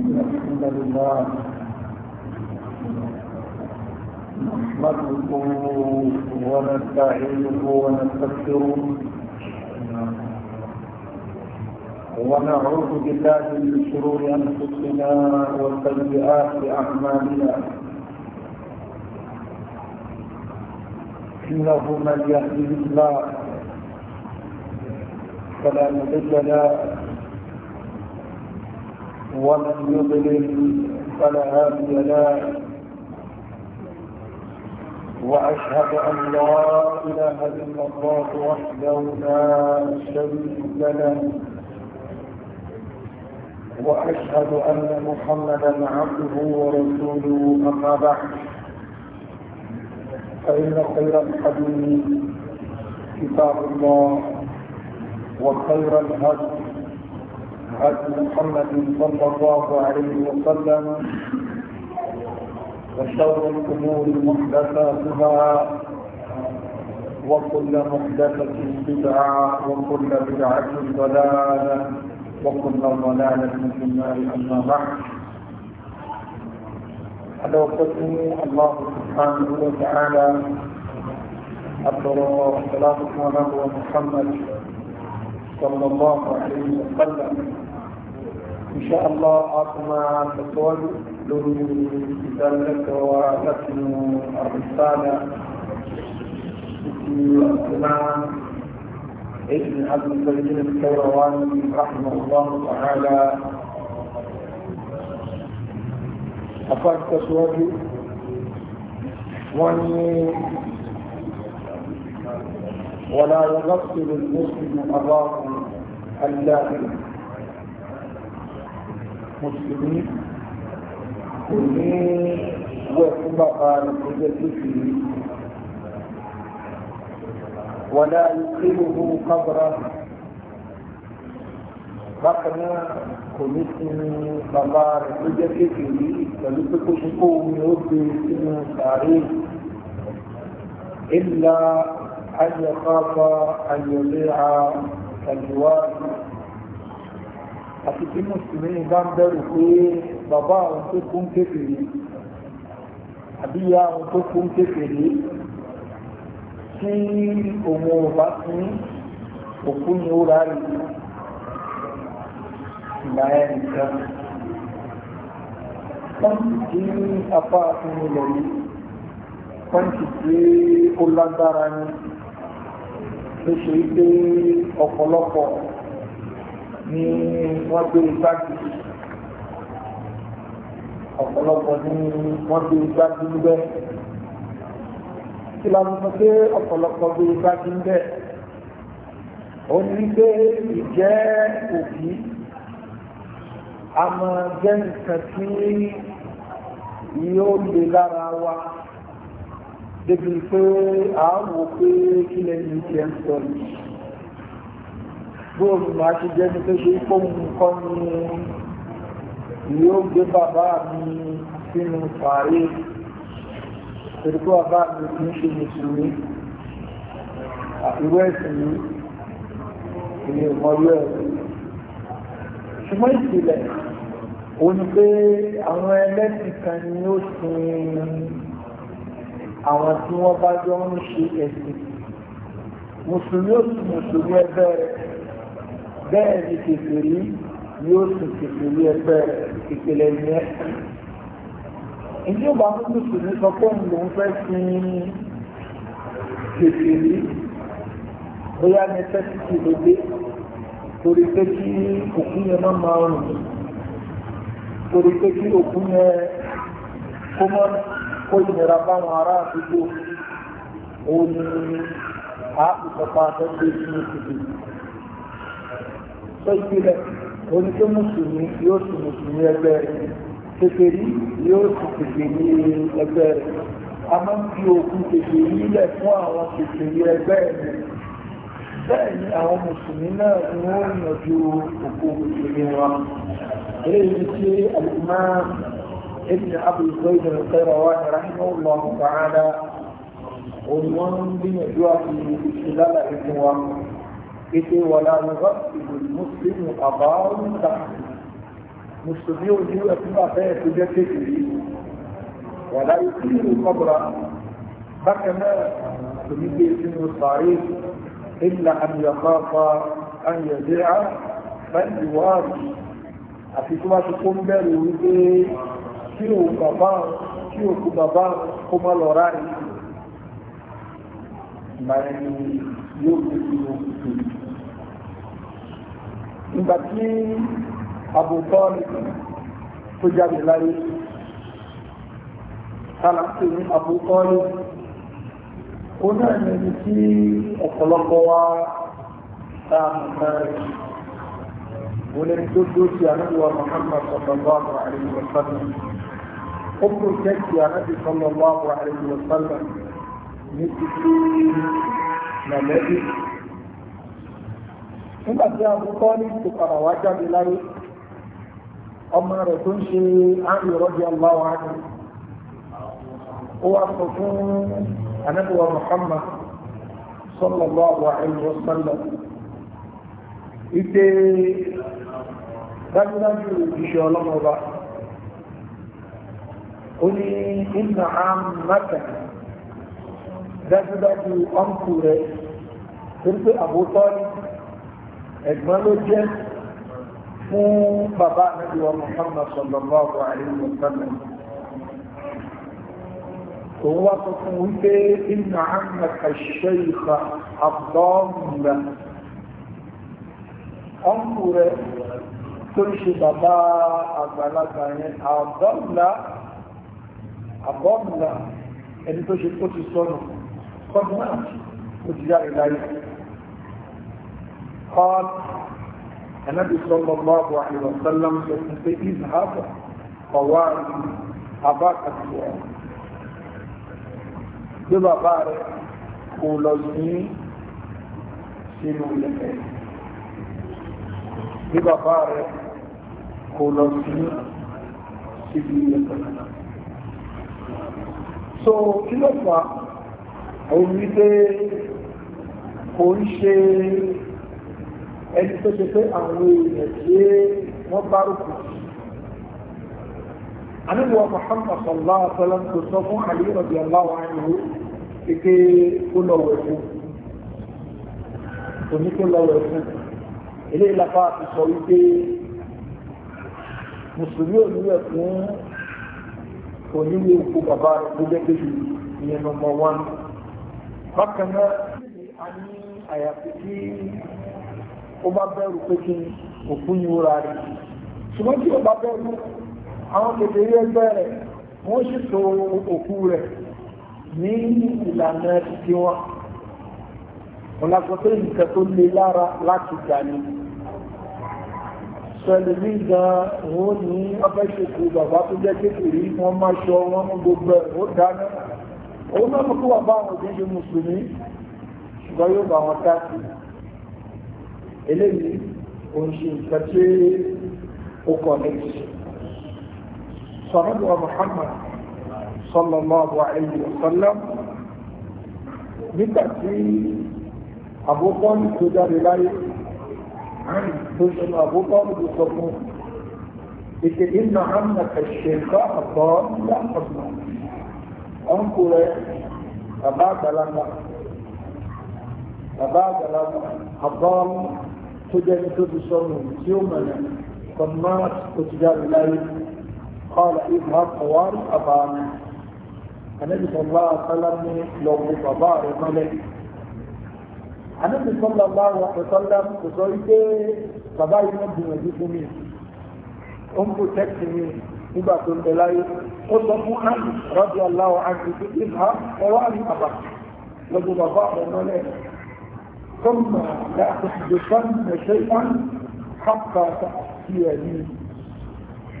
الحمد لله نحمده ونستعينه ونستغفره ونعوذ بالله من شرور أنفسنا وسيئات أعمالنا إنه من يهده الله فلا مضل له ومن يضلل فلا هادي له واشهد ان لا اله الا الله وحده لا شريك له واشهد ان محمدا عبده ورسوله اما بعد فان خير الحديث كتاب الله وخير الهدي أبي محمد صلى الله عليه وسلم وشر الأمور محدثاتها وكل محدثة بدعة وكل بدعة ضلالة وكل ضلالة في النار أما بعد حدثني الله سبحانه وتعالى أفضل الصلاة والسلام على محمد صلى الله عليه وسلم إن شاء الله أطمع تطول لذلك ولكن الرسالة في الإمام ابن عبد الملك الكيرواني رحمه الله تعالى أقول تسود واني ولا يغفل المسلم أراضي اللائم mùsùlùmí kò ní wẹ̀ fún bàbá rẹ̀ tó jẹ́ kékeré wàlá ìkéwòwò kábàrà bákan náà kò ní sinmi bàbá rẹ̀ tó jẹ́ kékeré pẹ̀lú pé kó ṣe omi ó gbé sínú sàárè إلا أن يخاف أن يضيع الجواب àti tí mùsùlùmí bá ń bẹ̀rù pé bàbá àwọn tó kún kékeré àbí ìyá àwọn tó kún kékeré tí òun ò bá sí òkú ni ó rárí ìgbà ẹni kan pọ́ǹtì tí apá àfihàn ilẹ̀ yìí pọ́ǹtì tí ó lágbára ni ló ṣe pé ọ̀pọ̀lọpọ̀ ní wọ́n gbé igbájú ọ̀pọ̀lọpọ̀ ní wọ́n gbé igbájú níbẹ̀ kí la mọ̀ pé ọ̀pọ̀lọpọ̀ gbé igbájú níbẹ̀ ó ní pé ìjẹ́ òbí a máa jẹ́ nǹkan tí yóò lè lára wa débi pé àá wò pé kí lẹ́yìn ìjẹ́ ń sọ yìí bóòlù máa ti jẹ́ ní pé ṣe pọ́ùn nǹkan ni yóò gbé bàbá mi sínú sàárè pẹ̀lú bàbá mi kì í ṣe mùsùlùmí àfiwẹ́ ẹ̀sìn yìí èmi ò mọ lọ́ẹ̀ ṣùgbọ́n ìpìlẹ̀ ó ní pé àwọn ẹlẹ́sìn kan ni ó sin àwọn tí wọ́n bá jọ ń ṣe ẹ̀sìn mùsùlùmí ó sì mùsùlùmí ẹgbẹ́ rẹ̀ bẹ́ẹ̀ ni kékeré yóò sì kékeré ẹgbẹ́ kékeré ní ẹ. ìdí ọba mùsùlùmí ní sọ pé òun lòún fẹ́ sin kékeré bóyá nẹ́sẹ̀sìtì ló dé torí pé kí òkú yẹn má máa rùn torí pé kí òkú yẹn kó mọ́ kó ìnira báwọn ará àdúgbò òun ni a àtẹ́gbẹ́ sí ìsìnkú sọ ìpìlẹ̀ òní tó mùsùlùmí yóò sì mùsùlùmí ẹgbẹ́ rẹ̀ kékeré yóò sì kékeré ẹgbẹ́ rẹ̀ a máa ń fi òkun kékeré lẹ̀ fún àwọn kékeré ẹgbẹ́ rẹ̀ bẹ́ẹ̀ ni àwọn mùsùlùmí náà ni ابن أبي زيد القيرواني رحمه الله تعالى عنوان بن جوافي خلال الجوافي ètò ìwọ̀lá lọ́wọ́ ìbò mùsùlùmí àbáwọ̀ ta mùsùlùmí ò ní ẹ̀sùn àfẹ́ ẹ̀sùn jẹ́ kékeré wà láyé tí ìlú kọ́bùrà bákan náà tòmí gbé sínú sàárè ìlà àmì àpapọ̀ àyẹ̀dẹ́ á báyìí wáàbì ìgbà yẹn ni yóò gbé sínú ìtòlù ìgbà tí àbùkọ́ tó jáde láyé tààlà pé ní àbùkọ́ yìí ó náà ní ibi tí ọ̀pọ̀lọpọ̀ wa ta àmọ̀tán rẹ̀ wọ́n lè tó dó sí ànábìwá Muhammad sallallahu alaihi wa nígbà tí àbúkọ́ ní ìtòkàrà wá jáde láyé ọmọ rẹ̀ tó ń ṣe àrùn rọ́bì aláwọ̀ ánì ó wá sọ fún anábìwá Muhammad sallallahu alaihi wasallam ìpè dájúdájú ìṣẹ́ ọlọ́mọba ó ní ìnà àmàkà dájúdájú ọ̀nkù rẹ̀ torí pé àbúkọ́ ẹ̀gbọ́n ló jẹ́ fún bàbá àmẹ́bíwá Muhammad sallallahu alaihi wa sallam òun wá sọ fún wípé inna ammaka ash-shaykh àbọ́ọ̀mùlà ọ̀nkù rẹ̀ tó ń ṣe bàbá àgbàlagbà yẹn ẹni tó ṣe kó ti sọnù náà ti láyé قال النبي صلى الله عليه وسلم اذهب قواعد أباك السؤال بما بارك قولوني sínú ilẹ̀ bí bàbá rẹ̀ kò lọ so kí ló fà òun wípé kò ń ṣe ẹni tó ṣe pé àwọn èèyàn tí wọ́n bá rúkú àníwọ̀ Muhammad sallallahu alaihi wa sallam kò sọ fún Ali radiyallahu anhu ike kó lọ wẹ̀ fún òní kó lọ wẹ̀ fún ilé ìlàpá àti sọ wípé mùsùlùmí ò ní wẹ̀ fún òní ní òkú bàbá rẹ̀ tó jẹ́ kejì ìyẹn nọ́mbà wọn bákan náà a ní àyàfi tí ó bá bẹ̀rù pé kí òkú yìí wúra rẹ̀ ṣùgbọ́n tí ó bá bẹ̀rù àwọn kékeré ẹgbẹ́ rẹ̀ wọ́n ṣètò òkú rẹ̀ ní ìlànà tí wọ́n ọ̀làkọ̀tẹ́ nǹkan tó le lára láti gbà ní sọ̀lẹ̀ ní gan òun ní ọfẹ́ ṣètò bàbá tó jẹ́ kékeré wọ́n máa ṣọ wọn mú gbogbo ẹ̀ ó dáná òun náà mú kó wà bá àwọn òbí ṣe mùsùlùmí ṣùgbọ́n yóò bá wọn ká sí i eléyìí ó ń ṣe nǹkan tí ó kọ̀ ní sọ̀rọ̀lọ́wọ́ Muhammad sallallahu alayhi wa sallam nígbà tí àbúkọ́ọ̀lù tó jáde láyé tó ṣẹlẹ̀ àbúkọ́ọ̀lù tó sọ fún ìpè iná àmà kẹ̀ṣẹ̀ká àbọ̀ ńlá ọ̀sán ọ̀nkù rẹ̀ bàbá àgbàlagbà bàbá àgbàlagbà àbọ̀ ńlá tó jẹ́ ní tó ti sọnù tí ó mọ̀nà kọ̀mọ́t tó ti jáde láyé kọ́lá ìbá kọ̀wárí àbáàmì anábì sọ̀lá àtàlá ní lọ́gbọ̀ bàbá rẹ̀ mọ́lẹ̀ anábì sọ̀lá bá wà pẹ̀sọ́lá kò sọ wípé bàbá yìí wọ́n gbìyànjú fún mi ó ń protect mi nígbà tó ń bẹ láyé ó sọ fún àmì rọ́bì aláwọ̀ àti ìdílé ìbá kọ̀wárí lọ́gbọ̀ bàbá rẹ̀ mọ́lẹ̀ ثم لا تحدثن شيئا حتى تأتيني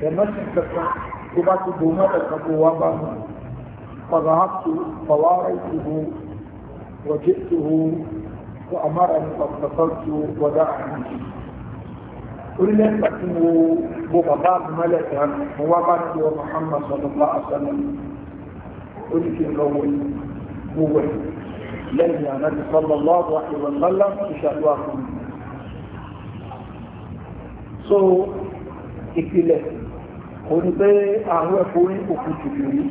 تمسك قبات دماءك بوابا فذهبت فواريته وجئته وأمرني فاتصلت ودعني قلنا اسمه بغضاء ملكا وابن محمد صلى الله عليه وسلم قلت الأول هو lẹ́yìn ànábi sallallahu alaihi wa sallam ti ṣàdúrà fún mi. so ìpìlẹ̀ kò ní pé àwọn ẹ̀kọ́ orí òkú tìbìrì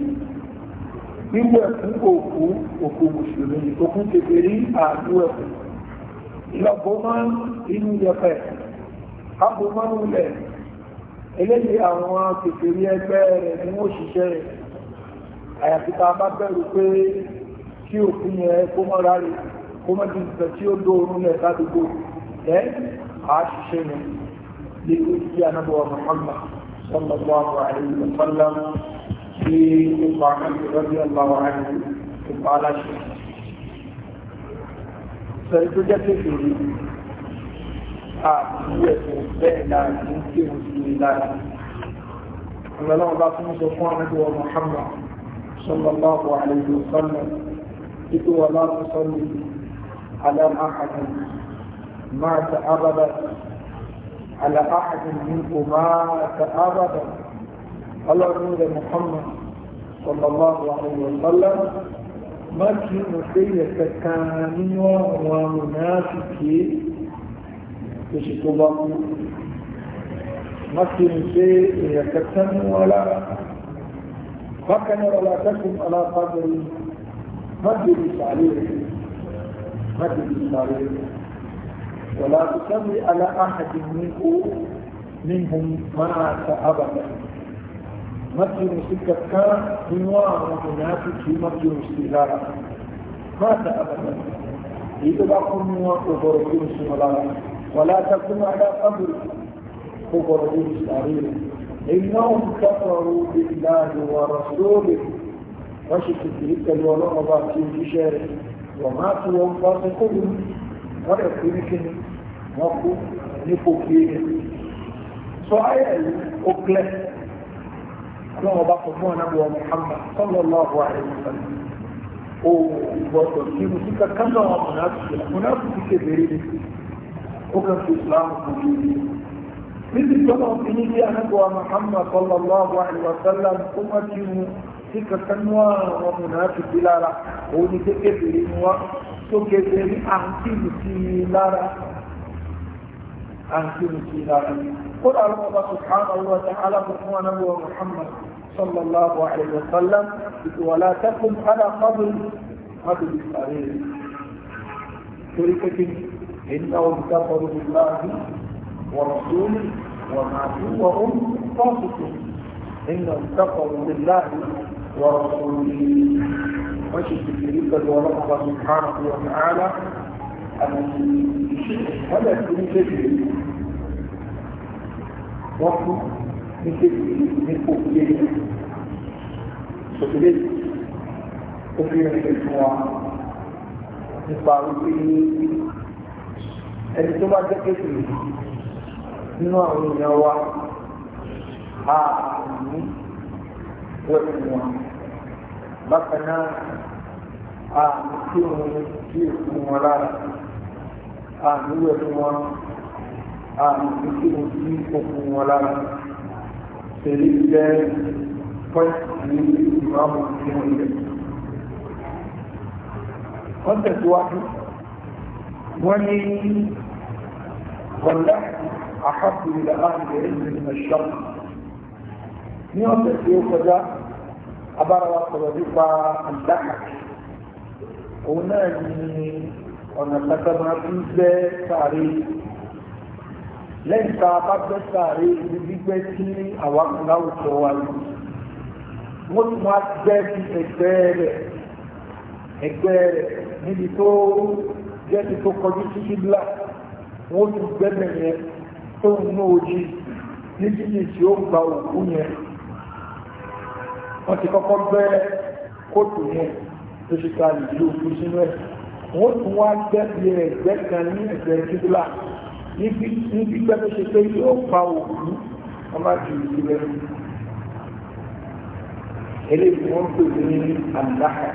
wíwú ẹ̀kún òkú òkú mùsùlùmí òkú tìbìrì àdú ẹ̀kún ìlọ́gbọ́n máa ń inú yẹpẹ̀ káàbò máa ń wulẹ̀ eléyìí àwọn tìbìrì ẹgbẹ́ rẹ̀ ni wọ́n ṣiṣẹ́ rẹ̀ àyàfi tá bá bẹ̀rù pé kí òkú yẹn kó mọ́ rárẹ̀ kó mọ́ di nǹkan tí ó dóorun lẹ̀ ládùúgbò ẹ́ àṣìṣe ni lè kó sí anábọ̀wọ̀ Muhammad sallallahu alayhi wa sallam sí ipa àkàndì rọ́bì aláwọ̀ àìní ipa aláṣẹ. Sọ̀rọ̀ tó jẹ́ kékeré àti ẹ̀sìn bẹ́ẹ̀ náà ní kí o sì lè lára. Ọlọ́run bá tún sọ fún anábọ̀wọ̀ Muhammad sallallahu alayhi wa إذ ولا تصلي على أحد مات أبدا على أحد منكم مات أبدا الله رسول محمد صلى الله عليه وسلم ما كان سيئة كامل ومنافقين تشتبطوا ما كان سيئة كامل ولا فكان ولا تكن على قدر مد التعليم مد التعليم ولا تصلي على أحد منهم معك أبدا مد مسكتك من وراء هناك في مسجد مستدارة مات أبدا إذا بقوا من وراء ولا تكن على قبر قبر الشعريرك إنهم كفروا بالله ورسوله wọ́n ṣe kìkìrí pẹ̀lú ọlọ́mọba àti òjíṣẹ́ rẹ̀ wọ́n máa tún wọn bá tún kó lù wọ́n rẹ̀ kú ní kíni wọ́n kú ní kòkí rẹ̀ sọ ayé ẹ̀yìn ó kílẹ̀ ọlọ́mọba kò mú ọ̀nà wọn Muhammad sallallahu alaihi wasallam ó gbọ́dọ̀ kí mo ti kankan náà wọn mùnàfíì mùnàfíì kébèrè ni ó kàn fi Islam kò ní ìlú níbi tọ́lọ́ fi ní bí anábọ̀ Muhammad sallallahu alaihi wasallam kó má kí mu tí kankan ní àwọn mùnàfíkì lára òun ni tó kékeré ni wọ́n tó kékeré ní àǹtí nìkí lára àǹtí nìkí lára قل الله سبحانه وتعالى فرحمة نبوة محمد صلى الله عليه وسلم ولا تكن على قبر قبر السرير تركة إنهم كفروا بالله ورسوله وماتوا وهم فاسقون إنهم كفروا بالله ورسوله وجد الكريم ورحمه سبحانه وتعالى ولا يكون جديد وقت من جديد من فوقيه وكذلك وفي الحكمة نصار فيه ẹni tó bá jẹ́ kékeré nínú àwọn ènìyàn wa a ní وإنوا بقنا أعطيهم كيفهم ولا أعطيهم أعطيهم كيفهم ولا سريجا فاسلي إمام الدين قد تواحد ولي ضلحت أحب إلى أهل العلم من الشرق ní ọ̀sẹ̀ tí ó kọjá abára wa sọ̀rọ̀ nípa àdáhà òun náà ní ọ̀nà tàbí tí ń gbẹ́ sàárè lẹ́yìn tá a bá gbẹ́ sàárè ibi gbígbẹ́ tí àwa kan láwùjọ wa yìí wọ́n ti máa gbẹ́ bí ẹgbẹ́ rẹ̀ ẹgbẹ́ rẹ̀ níbi tó jẹ́ ti tó kọjú sí kíbla wọ́n ti gbẹ́ bẹ̀rẹ̀ tó ń mú ojú ní títí tí ó gba òkú yẹn wọ́n ti kọ́kọ́ gbẹ́ kóòtù yẹn tó ṣe ká ìlú òkú sínú ẹ̀ wọ́n tún wá gbẹ́bí ẹ̀gbẹ́ kan ní ẹ̀gbẹ́ kíkúlà ní gbígbẹ́ tó ṣe pé yóò pa òkú wọ́n má ju ìlú rẹ̀ eléyìí wọ́n pè ní àdáhà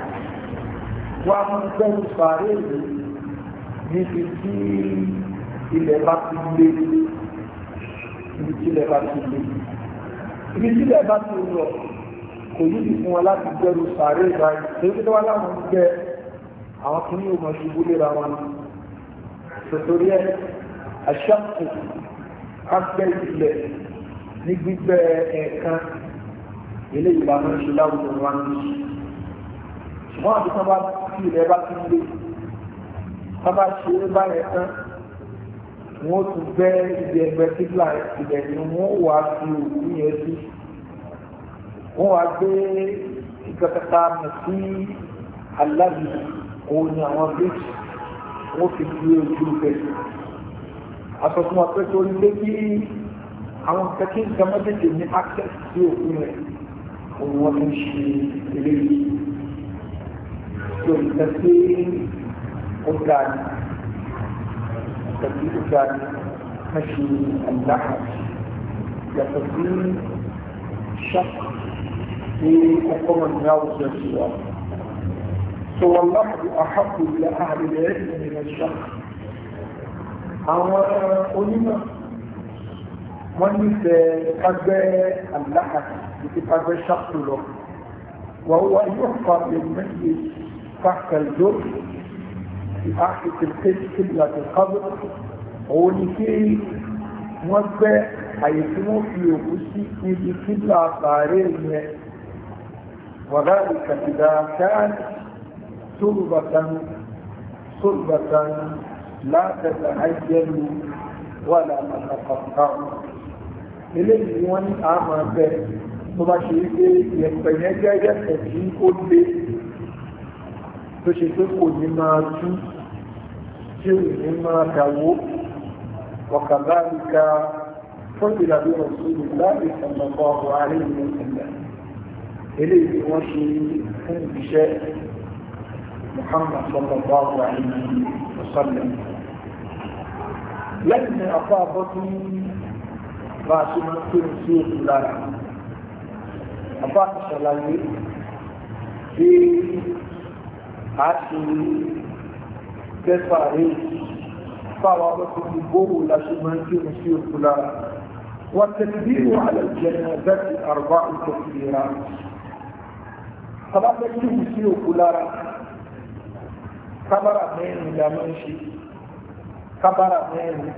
wọ́n á mú gbẹ́rù sàárè rẹ̀ níbi tí ilẹ̀ bá ti lé níbi tí ilẹ̀ bá ti lé níbi tí ilẹ̀ bá ti lọ kò yìí fún wọn láti gbẹ́rù sàárè ìbáyìí tó yìí wá láwọn ń gbẹ àwọn kì ní ọmọ ṣubú léra wọn tòtòrí ẹ aṣáàpù agbẹ́ ìpìlẹ̀ ní gbígbẹ́ ẹ̀ẹ̀kan ilé ìlànà ṣe láwùjọ wa ní ṣùgbọ́n àti sábà tí ilẹ̀ bá ti lé sábà ṣe é báyẹn tán wọ́n tún gbẹ́ ibi ẹgbẹ́ síbla ìbẹ̀ ni wà á òkú yẹn sí wọ́n wá gbé ìkẹkẹta mi sí aláàbí òun ni àwọn bíjì wọ́n fi fi ojú bẹ̀. àtọ̀tún wa pé torí lé bí àwọn kẹkẹ ìgbàmọ́tẹ̀tẹ̀ ní access sí òkun rẹ̀ òun wọ́n fi ń ṣe eléyìí. lórí kẹkẹ ọ̀gá ni kẹkẹ ọ̀gá ni wọ́n ṣe àdáhà yàtọ̀ sí ṣáàpù. في حكم يوم القيامة سوى اللحظ أحب إلى أهل العلم من الشخص أما أولما من يتقبى اللحظ يتقبى الشخص له وهو يحفظ للمجلس تحت الجر في أحد القدس قبلة القبر ونكي وفى حيث في وقسي في قبلة طارئة وذلك إذا كان سربة سربة لا تتعجل ولا تتفكر eléyìí wọ́n ní a máa bẹ tó bá ṣe wípé ìyẹ̀pẹ̀ yẹn jẹ́ ìyẹ̀pẹ̀ tí ó lé tó ṣe pé kò ní máa tú tí ò ní máa dàwó ọ̀kàláríka fún ìdàbí ọ̀sùn ìlú láti sọ̀rọ̀ ọ̀rọ̀ àríyìn ìṣẹ̀lẹ̀ إليه وشي يكون بشاء محمد صلى الله عليه وسلم لكن أصابته باسم كل سوق الله أصابت صلى في عشر كفاري صوابته بقول لسوء من كل سوق الله والتكبير على الجنازات أربع تكبيرات sábà fẹ́ kí wù sí òkú lára kábàrà mẹ́rin la máa ń ṣe kábàrà mẹ́rin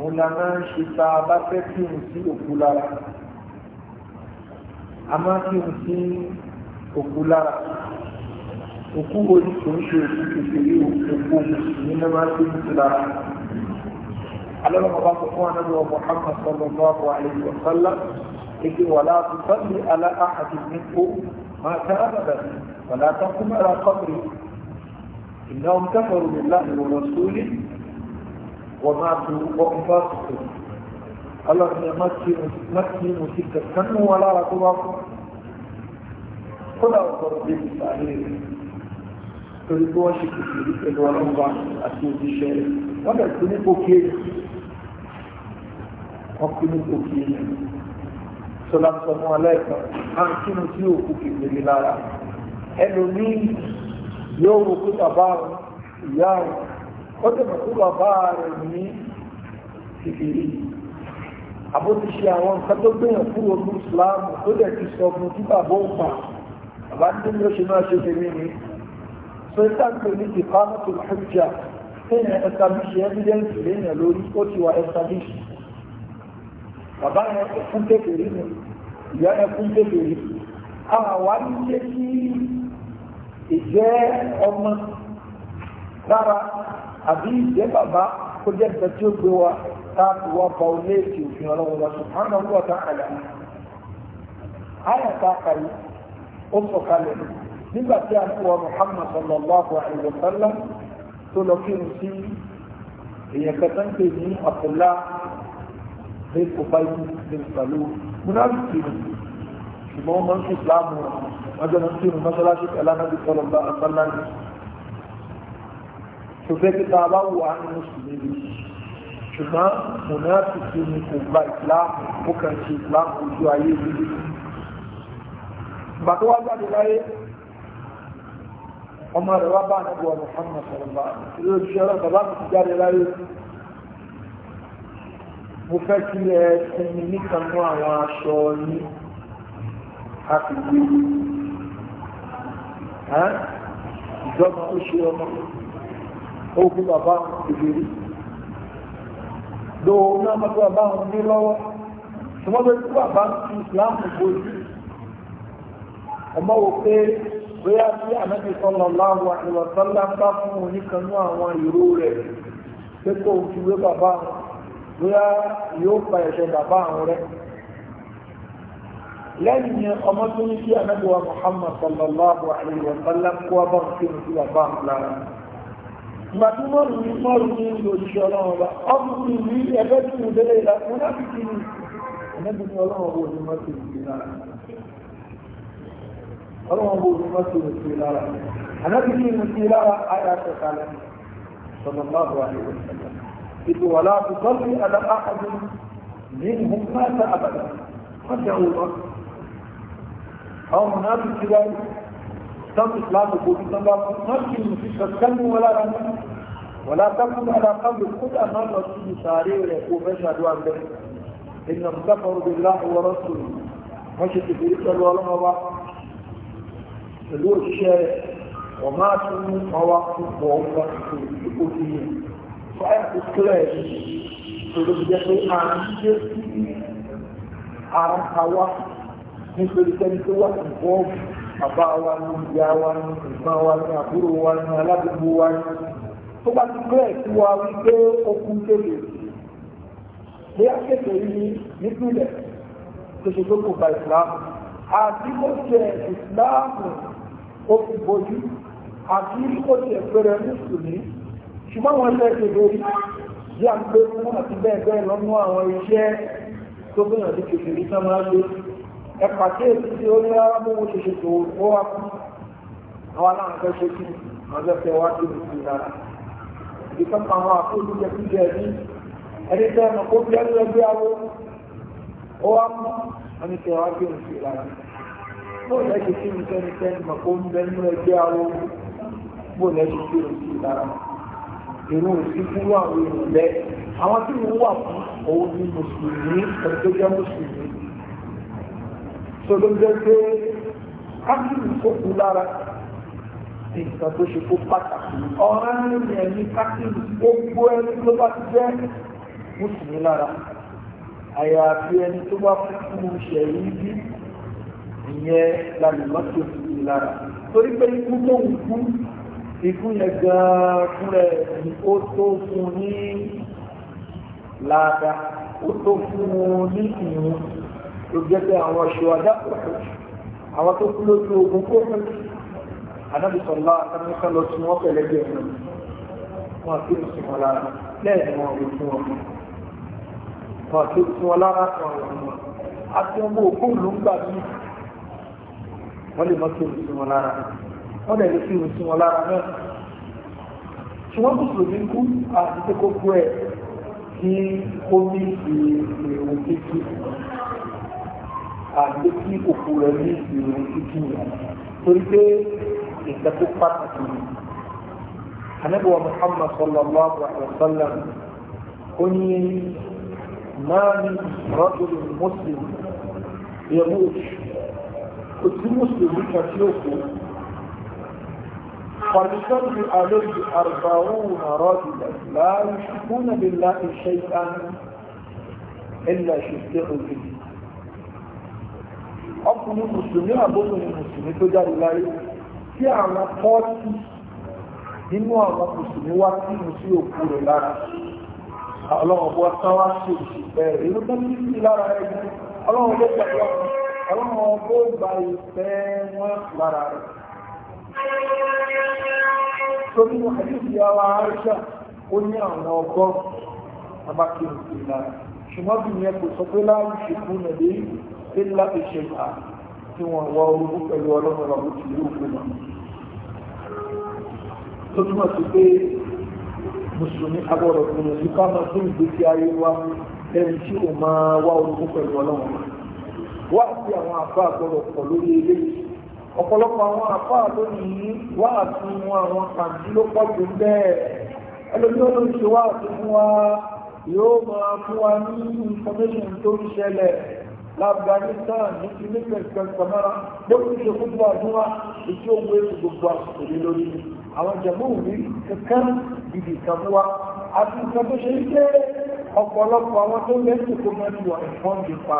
òun la máa ń ṣe tá a bá fẹ́ kí wù sí òkú lára a máa kí wù sí òkú lára òkú wo ni kò ń ṣe òkú kékeré òkú mùsùlùmí náà máa ń ṣe òkú lára alẹ́ lọ́mọ bá sọ fún anábì wa Muhammad sallallahu alaihi wa sallam èké wàlá àtúntàn ní aláàhàdì ní kó مات أبدا ولا تقم على قبري إنهم كفروا بالله ورسوله وماتوا وهم فاسقون الله أن يمكن سكة سن ولا ركوب قل أنظر بالتعليم تريدوا شكل في الوالنظر أسود الشيء وما تنبوا كيف وكنبوا كيف sọlá sọ fún alẹ́kan á ń kírun tí òkú kékeré lára ẹlòmíì yóò wo pé bàbá rẹ ìyá rẹ ó tẹ̀mọ̀ pé bàbá rẹ ní kékeré àbó ti ṣe àwọn nǹkan tó gbìyàn kúrò ní Islam tó dẹ̀ ti sọ fún tí bàbá ò pa bàbá tí mi ó ṣe máa ṣe tèmi ni so ní sáà pé ní ìkámọ́tò evidence léèyàn lórí ó bàbá yẹn fún kékeré ni ìyá yẹn fún kékeré àwọn àwa ń ṣe kí ìjẹ́ ọmọ lára àbí ìjẹ́ bàbá kó jẹ́ nǹkan tí ó gbé wa láti wá ba ilé ètò òfin ọlọ́wọ́ wa subhanahu wa ta'ala àyà tá a kàrí ó sọ̀kalẹ̀ nígbà tí a ń wọ Muhammad sallallahu alayhi wa sallam tó lọ kírun sí èèyàn kẹta ń pè ní Abdullah bẹ́ẹ̀ kó báyìí bẹ́ẹ̀ pẹ̀lú múnáfíìsì ni ṣùgbọ́n wọ́n máa ń ṣe ìsìláàmù ọjọ́ náà tí ìrùn mọ́ṣáláṣí pẹ̀lú anábì sọ̀rọ̀ bá àgbàlá ni. ṣùgbọ́n kí ta bá wù á ní mùsùlùmí ṣùgbọ́n múnáfíìsì ni kò gba ìsìláàmù ó kàn ṣe ìsìláàmù ojú ayé ìlú. ìgbà tó wá jáde láyé ọmọ rẹ̀ wá bá ànábì wa Muhammad sọ̀rọ̀ bá mo fẹ́ kí ẹ fún mi nìkan mú àwọn aṣọ yín àtìkú ìjọba ó ṣe ọmọ ó fún bàbá ìbéèrè ló náà mọ́ tó bàbá òun ní lọ́wọ́ tí wọ́n bẹ tí bàbá ti ìsìláàmù gbòjú ọmọ wò pé bóyá tí ànábì sallallahu alaihi wasallam bá fún oníkanú àwọn ìró rẹ̀ pé kó o fi wé bàbá òun bóyá yóò pa ẹ̀ṣẹ̀ bàbá àwọn rẹ̀ lẹ́yìn yẹn ọmọ tó ní kí anábíwá Muhammad sallallahu alayhi wa sallam kó wá bá ń kí bàbá àwọn lára ìgbà tí wọ́n rú ní mọ́rù ní ìlú òṣìṣẹ́ ọlọ́run ọba ọkùnrin ní ẹgbẹ́ tí mo délé ìlà mo láti kí ni ẹ̀nẹ́bí ní ọlọ́run ọba òní mọ́ sí lára ọlọ́run ọba òní lára lára ayé àtẹ̀kálẹ̀ sọ̀rọ̀ bá إذ ولا تصلي على أحد منهم مات أبدا فدعوا الله أو منافق كذلك تم إسلام قوتي تم نرجم في تسكن ولا رمي ولا تقم على قبر خد أمام رسول ساري ويقول أشهد أن لا إنهم كفروا بالله ورسوله مشت في رسل والغوى الوشاء وماتوا ووقفوا وهم يقول clear ìṣòro jẹ́ pé a ń gbé sí ara àwa nítorí pẹ́ni tó wà ní bọ́ọ̀bù bàbá wa ní ìyá wa ní ìgbọ́n wa ní àbúrò wa ní aládùúgbò wa ní tó bá ti clear sí wa wípé okun tèlè bí a ṣètò yìí nípìnlẹ̀ tó ṣe tó kò bá ìsìláàmù àti kò ṣe ìsìláàmù ó àti kò ṣe pẹrẹ mùsùlùmí ṣùgbọ́n wọn fẹ́ ṣe lórí bí a ń pé fún àti bẹ́ẹ̀ bẹ́ẹ̀ lọ́nú àwọn iṣẹ́ tó gbìyànjú ti kèfè ní sọ́mọ́ lé ẹ pàṣẹ èsì tí ó ní rárá mú wọn ṣe ṣe tó ó wá kú àwọn aláwọn fẹ́ ṣe kí wọn fẹ́ fẹ́ wá sí ìlú ìlara ìdí kan pa àwọn àkójú jẹ kí jẹ ní ẹni tẹ́ ẹnu kó bí ẹni lọ́gbé awo ó wá mú wọn ni tẹ́ wá sí ìlú ìlara bóò lẹ́sẹ̀ sí ìlú tẹ́ni tẹ́ni mọ̀ kó ń bẹ́ nínú ẹgbẹ́ awo bóò lẹ́sẹ̀ sí ìlú irú ìfúrú àwọn èèyàn lẹ àwọn tí wọn wà fún òun ni mùsùlùmí ẹgbẹ́ jẹ́ mùsùlùmí tó ló jẹ́ pé káàkiri tó kú lára nǹkan tó ṣe kó pàtàkì ọ̀rẹ́ ènìyàn ní káàkiri gbogbo ẹni tó bá ti jẹ́ mùsùlùmí lára àyàfi ẹni tó bá fún un ṣẹ̀yí bí ìyẹn lálẹ́ mọ́tò sí lára torí pé ikú tó ń kú ikún yẹn gan-an fún rẹ̀ ó tó fún ní láàdá ó tó fún ní ìrún ló jẹ́ pé àwọn ṣòwò adápọ̀tò àwọn tó kú lójú ogun kó fún mi anábìsọ̀lá akáníkà lọ sí wọn pẹ̀lẹ́ bí ẹ̀rọ wọn àti ìsìn lára lẹ́yìn wọn ò fún wọn wọn àti ìsìn wọn lára kan wọn wọn àti ọmọ òkú ló ń gbà mí wọn lè mọ́ tó ìsìn lára wọ́n dẹ̀ lè fi ìrùn sí wọn lára náà ṣùgbọ́n mùsùlùmí kú àti pé kókó ẹ̀ kí ó ní ìrùn kíkí àti kí òkú rẹ̀ ní ìrùn kíkí torí pé ìgbà tó pàtàkì ni anábọ̀ Muhammad sallallahu alaihi wa sallam ó ní máa ní rọ́jòlù mùsùlùmí yẹmú òṣù kò sí mùsùlùmí kan tí ó kú فلتصلي عليه أربعون رجلا لا يشركون بالله شيئا إلا شركه به ọkùnrin mùsùlùmí àbóbìnrin mùsùlùmí tó jáde láyé tí àwọn pọ́ọ̀tì nínú àwọn mùsùlùmí wá sí sí òkú rẹ̀ lára ọlọ́mọbọ sáwá sí òṣìṣẹ́ rẹ̀ inú tó ní sí lára ẹgbẹ́ ọlọ́mọbọ gbà ọlọ́mọbọ gbà ìfẹ́ wọn lára rẹ̀ torí mo àdéhùn yàrá aṣá ó ní àwọn ọgbọ́n abákiri ìlà ṣùgbọ́n bí yẹn kò sọ pé láàrín ṣèkú nàdé ńlá ìṣẹ̀lẹ̀ àti tí wọ́n wọ orúkú pẹ̀lú ọlọ́run ọ̀rọ̀ ti ló kú lọ. tó túmọ̀ sí pé mùsùlùmí agbọ́dọ̀ fún mi ká máa fún ìgbésí ayé wa ẹni tí ò máa wá orúkú pẹ̀lú ọlọ́run. wá sí àwọn àbá àgbọ̀dọ̀ pọ̀ lórí eléyìí ọ̀pọ̀lọpọ̀ àwọn àfáà lónìí wá àtúnwò àwọn pàǹtí ló pọ̀ bẹ́ẹ̀ ẹlòmí olóòtú ṣe wá àtúnwò wa yóò máa fún wa ní information tó ń ṣẹlẹ̀ l'Afghanistan ní ilé pẹ̀lẹ́pẹ̀lẹ́pẹ̀lẹ́ra bó ti ṣe fún wa fún wa ètí òwe gbogbo àsìkò wa àti nǹkan tó ṣe ń gbé ọ̀pọ̀lọpọ̀ àwọn tó lẹ́sìn tó mẹ́rin wà ní fọ́ǹdì pa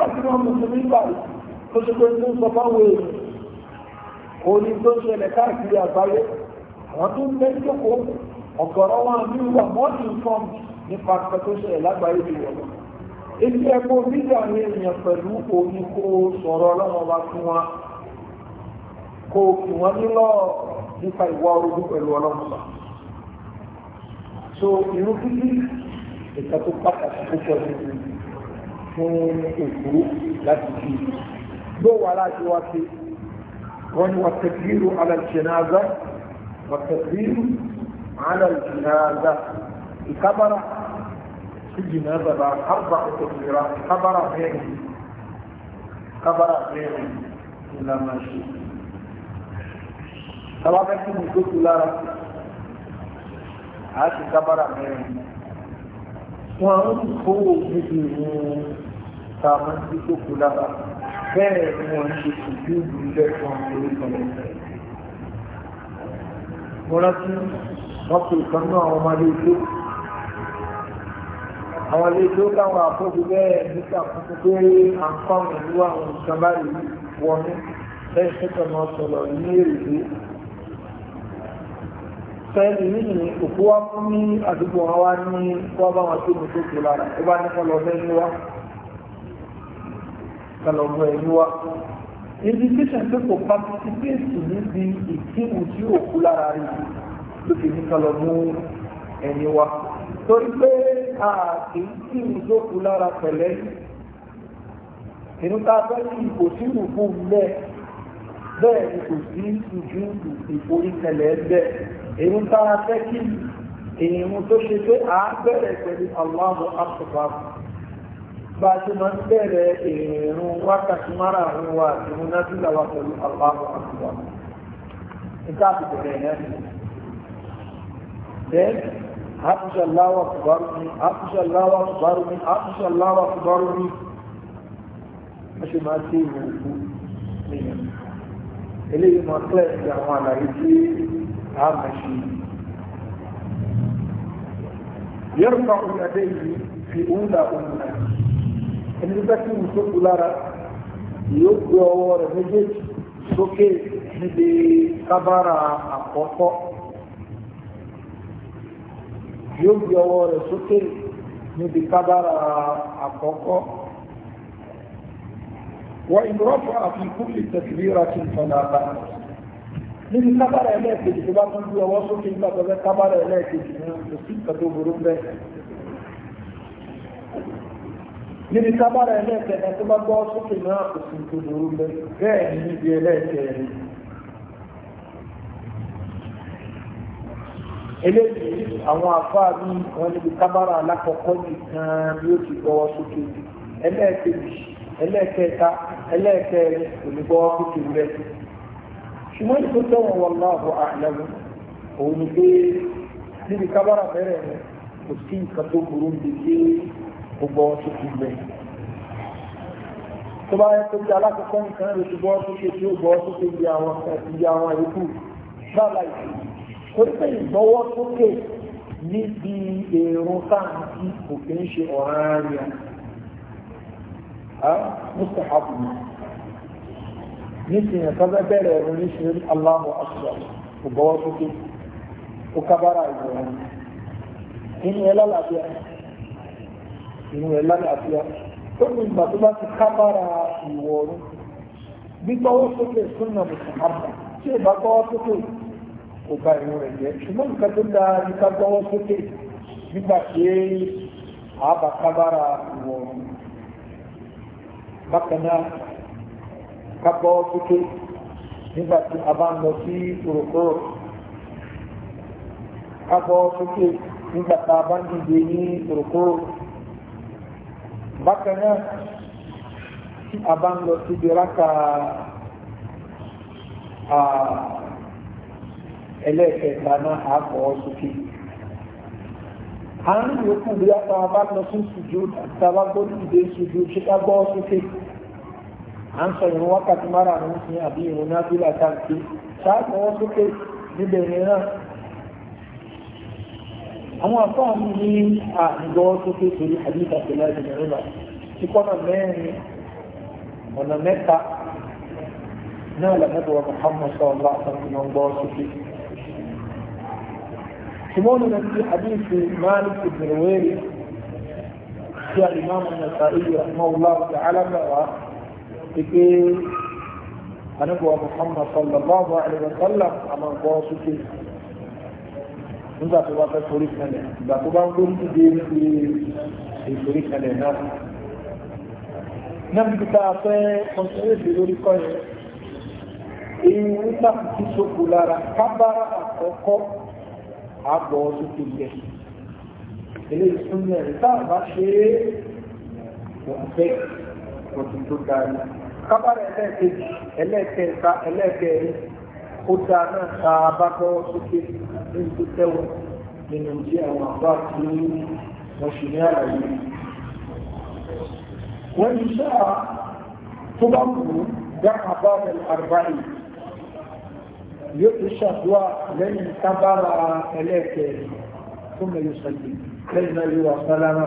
rẹ̀ tó ṣe pé tó ń sọ fáwọn èèyàn òní tó ń ṣẹlẹ̀ káàkiri àgbáyé àwọn tó ń mẹ́jọ́kọ̀ ọ̀gọ̀rọ̀ wọn ní wà mọ́tì fọ́ọ̀mù nípa pẹ́ tó ṣẹlẹ̀ lágbàáyé ti wọ̀ lọ. Ibi ẹgbẹ́ onídìí àwọn èèyàn pẹ̀lú òní kó sọ̀rọ̀ ọlọ́wọ́n bá fún wa kó kì wọ́n nílọ nípa ìwà orogún pẹ̀lú ọlọ́wọ́n bá. So irú kíkí ìtàkùn pàtàkì púpọ̀ nínú fún òkú láti fi yóò wà láti wá sí wọ́n ni wọ́n tẹ̀síru alàjìnáza wọ́n tẹ̀síru alàjìnáza ìkábára sí jìnáza bá arba ìtẹ̀síra kábára mẹ́rin kábára mẹ́rin ìlànà ṣe sábàbẹ́ kí ni tó tu lára a ti kábára mẹ́rin wọ́n ń kó òbí ìrún tààmù tó kù lára bẹ́ẹ̀ ni wọ́n ṣe ṣùgbọ́n ìbílẹ̀ kan orúkọ lọ. mo rántí wọ́n pe ìkan náà àwọn ọmọdé ìjó àwọn ilé ìjó káwọn àkókò bẹ́ẹ̀ níta fúnfún pé à ń kọ́ àwọn ìlú àwọn nǹkan báyìí wọnú bẹ́ẹ̀ sẹ́kọ̀ọ́ náà sọ̀rọ̀ ní èrè fẹ́ẹ̀lì nínú òkú wa fún ní àdúgbò wa ní wọ́n bá wọn tó mú tó kù lára ó bá ní kọ́ lọ lẹ́nu wa kálọ̀mọ́ ẹni wá ibi tẹ́sán pé kò pátísípéèsì níbi ìkíwù tí ò kú lára rí ló fi ní kálọ̀mọ́ ẹni wá torí pé a kì í kíwù tó kú lára pẹ̀lẹ́ inú tá a bẹ́ ní ipò tí ìlú fún bẹ́ẹ̀ bẹ́ẹ̀ ni kò sí ìjú ìforíkẹlẹ̀ bẹ́ẹ̀ inú tá a fẹ́ kí èèyàn tó ṣe pé à bẹ̀rẹ̀ pẹ̀lú Allahu akbar bá a ti máa ń bẹ̀rẹ̀ ìrìnrún wákàtí márààrún wa àti múnábílà wa pẹ̀lú àpapọ̀ àkùbọ̀ níta àti bẹ̀rẹ̀ yẹn then àtúnṣe aláwọ̀ àkùbárù mi àtúnṣe aláwọ̀ àkùbárù mi àtúnṣe aláwọ̀ àkùbárù mi wọ́n ṣe máa ṣe ìwò òkú nìyẹn eléyìí máa pẹ́ sí àwọn àlàyé tí a máa ṣe yẹ́rù kan òun àdéhìí fi òun dà òun náà ẹni tó bá kí ìwù tó kù lára yóò gbé ọwọ́ rẹ̀ méjèèjì sókè níbi kábàrà àkọ́kọ́ yóò gbé ọwọ́ rẹ̀ sókè níbi kábàrà àkọ́kọ́ wọ́n ìmúrọ́pọ̀ àfikún lè tẹ̀síwìrà tí ń fọ́nà bá níbi kábàrà ẹlẹ́ẹ̀kejì tó bá tún gbé ọwọ́ sókè nígbà tó fẹ́ kábàrà ẹlẹ́ẹ̀kejì ní kò sí ìkàtó burú bẹ́ẹ̀. níbi kábàrà ẹlẹ́ẹ̀kẹta tó bá gbọ́ sókè náà kò sí tó lóru bẹ bẹ́ẹ̀ ni níbi ẹlẹ́ẹ̀kẹrin eléyìí wọn níbi kábàrà alákọ̀ọ́kọ́ nìkan ni ó ti gbọ́wọ́ sókè ẹlẹ́ẹ̀kejì ẹlẹ́ẹ̀kẹta ẹlẹ́ẹ̀kẹrin kò ní sókè rẹ̀ ṣùgbọ́n wọn na bọ̀ àlẹ́mú òun ni gbogbo wọn tó ti gbẹ tó bá yẹ kó ti alákọ̀ọ́kọ́ nǹkan rẹ̀ ti bọ́ sókè tí ó bọ́ sókè di àwọn ìdí àwọn ìlú náà láìsí torí pé ìgbọ́wọ́ sókè níbi èrò sáàmì kò kí ń ṣe ọ̀ràn àríyá ah, mustahabu nísìnyí sábẹ́ bẹ̀rẹ̀ ẹ̀rọ níṣẹ́ Allahu akbar kò gbọ́wọ́ sókè kó kábàárà ìgbọ̀wọ́ nínú ẹ̀ lálàáfíà ìrún ẹ̀ lálàáfíà tó ní ìgbà tó bá ti kábàrà ìwọ̀ ọ̀run gbígbọ́wọ́ sókè súnà mùsùlùmá tí ì bá gbọ́wọ́ sókè kò ba ìrún rẹ̀ jẹ́ ṣùgbọ́n nǹkan tó dáa ní ká gbọ́wọ́ sókè nígbà tí àbá kábàrà ìwọ̀ ọ̀run bákan náà ká sókè nígbà tí a bá ń lọ sí òròkòrò ká sókè nígbà tá a bá ń dìde ní òròkòrò bákan náà tí a bá ń lọ síbi ráka ẹlẹ́ẹ̀kẹta náà a fọ́ ọ sókè à ń rí òkú bí apá a bá lọ sí sùjú àti abágbó ìdè sùjú ṣe ká gbọ́ ọ sókè à ń sọ ìrún wákàtí márùn-ún sí àbí ìrún náà bí làtàkì ṣáà fọwọ́ níbẹ̀ náà àwọn àfáà mi ní àgbọ̀ tó tó torí àdìsá tó láti ní rúbà tí kọ́nà mẹ́rin ọ̀nà mẹ́ta náà làmẹ́bọ̀ Muhammad sọ̀rọ̀ àtàkùn náà gbọ́ sókè. شمون في حديث مالك بن رويري في الإمام النسائي رحمه الله تعالى قال أنا أبو محمد صلى الله عليه وسلم أما قاسك nígbà tó bá fẹ́ forí kalẹ̀ ìgbà tó bá ń gbórí dìde fi ìforí kalẹ̀ náà. náà níbi tá a fẹ́ kọ́ńtẹ́rẹ́sì lórí kọ́ yẹn ewu láti tún sóko lára kábàárà àkọ́kọ́ àbọ̀ sókè jẹ. eléyìí tún ní ẹ̀rí tá a bá ṣe é wọ́n fẹ́ wọ́n tó dáa kábàárà ẹlẹ́ẹ̀kejì ẹlẹ́ẹ̀kẹta ẹlẹ́ẹ̀kẹrin kódà náà ta abákọ́ sókè ní ìtẹ́wọ̀ nínú tí àwọn àbá tí wọ́n ṣe ní àlàyé. wọ́n ní sáà tó bá wù ú dá àbá rẹ̀ àrùbáyé yóò ti ṣàdúrà lẹ́yìn tábàrà ẹlẹ́ẹ̀kẹ́ tó mẹ́yọ sàgbé lẹ́yìn náà yóò wà sálára.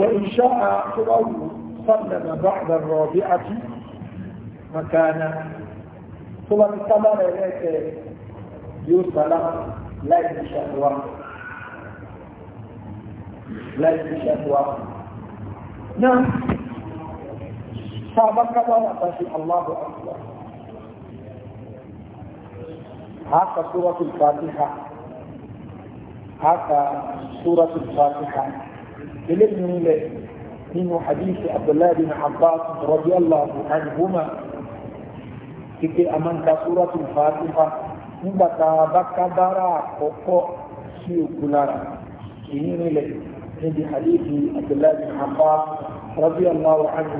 وإن شاء فلم بعد الرابعة مكانا ثم بالطبع إليك يوصل لا يشهوى لا يشهوى نعم سابق ضربة الله أكبر هكا سورة الفاتحة هكا سورة الفاتحة إليه من حديث عبد الله بن عباس رضي الله عنهما kíké a máa ń ka suratul fatiha nígbà tá a bá ká bára àkọ́kọ́ sí òkú lára èyí nílẹ̀ níbi hadithi abdullahi bin abbas radiyallahu anhu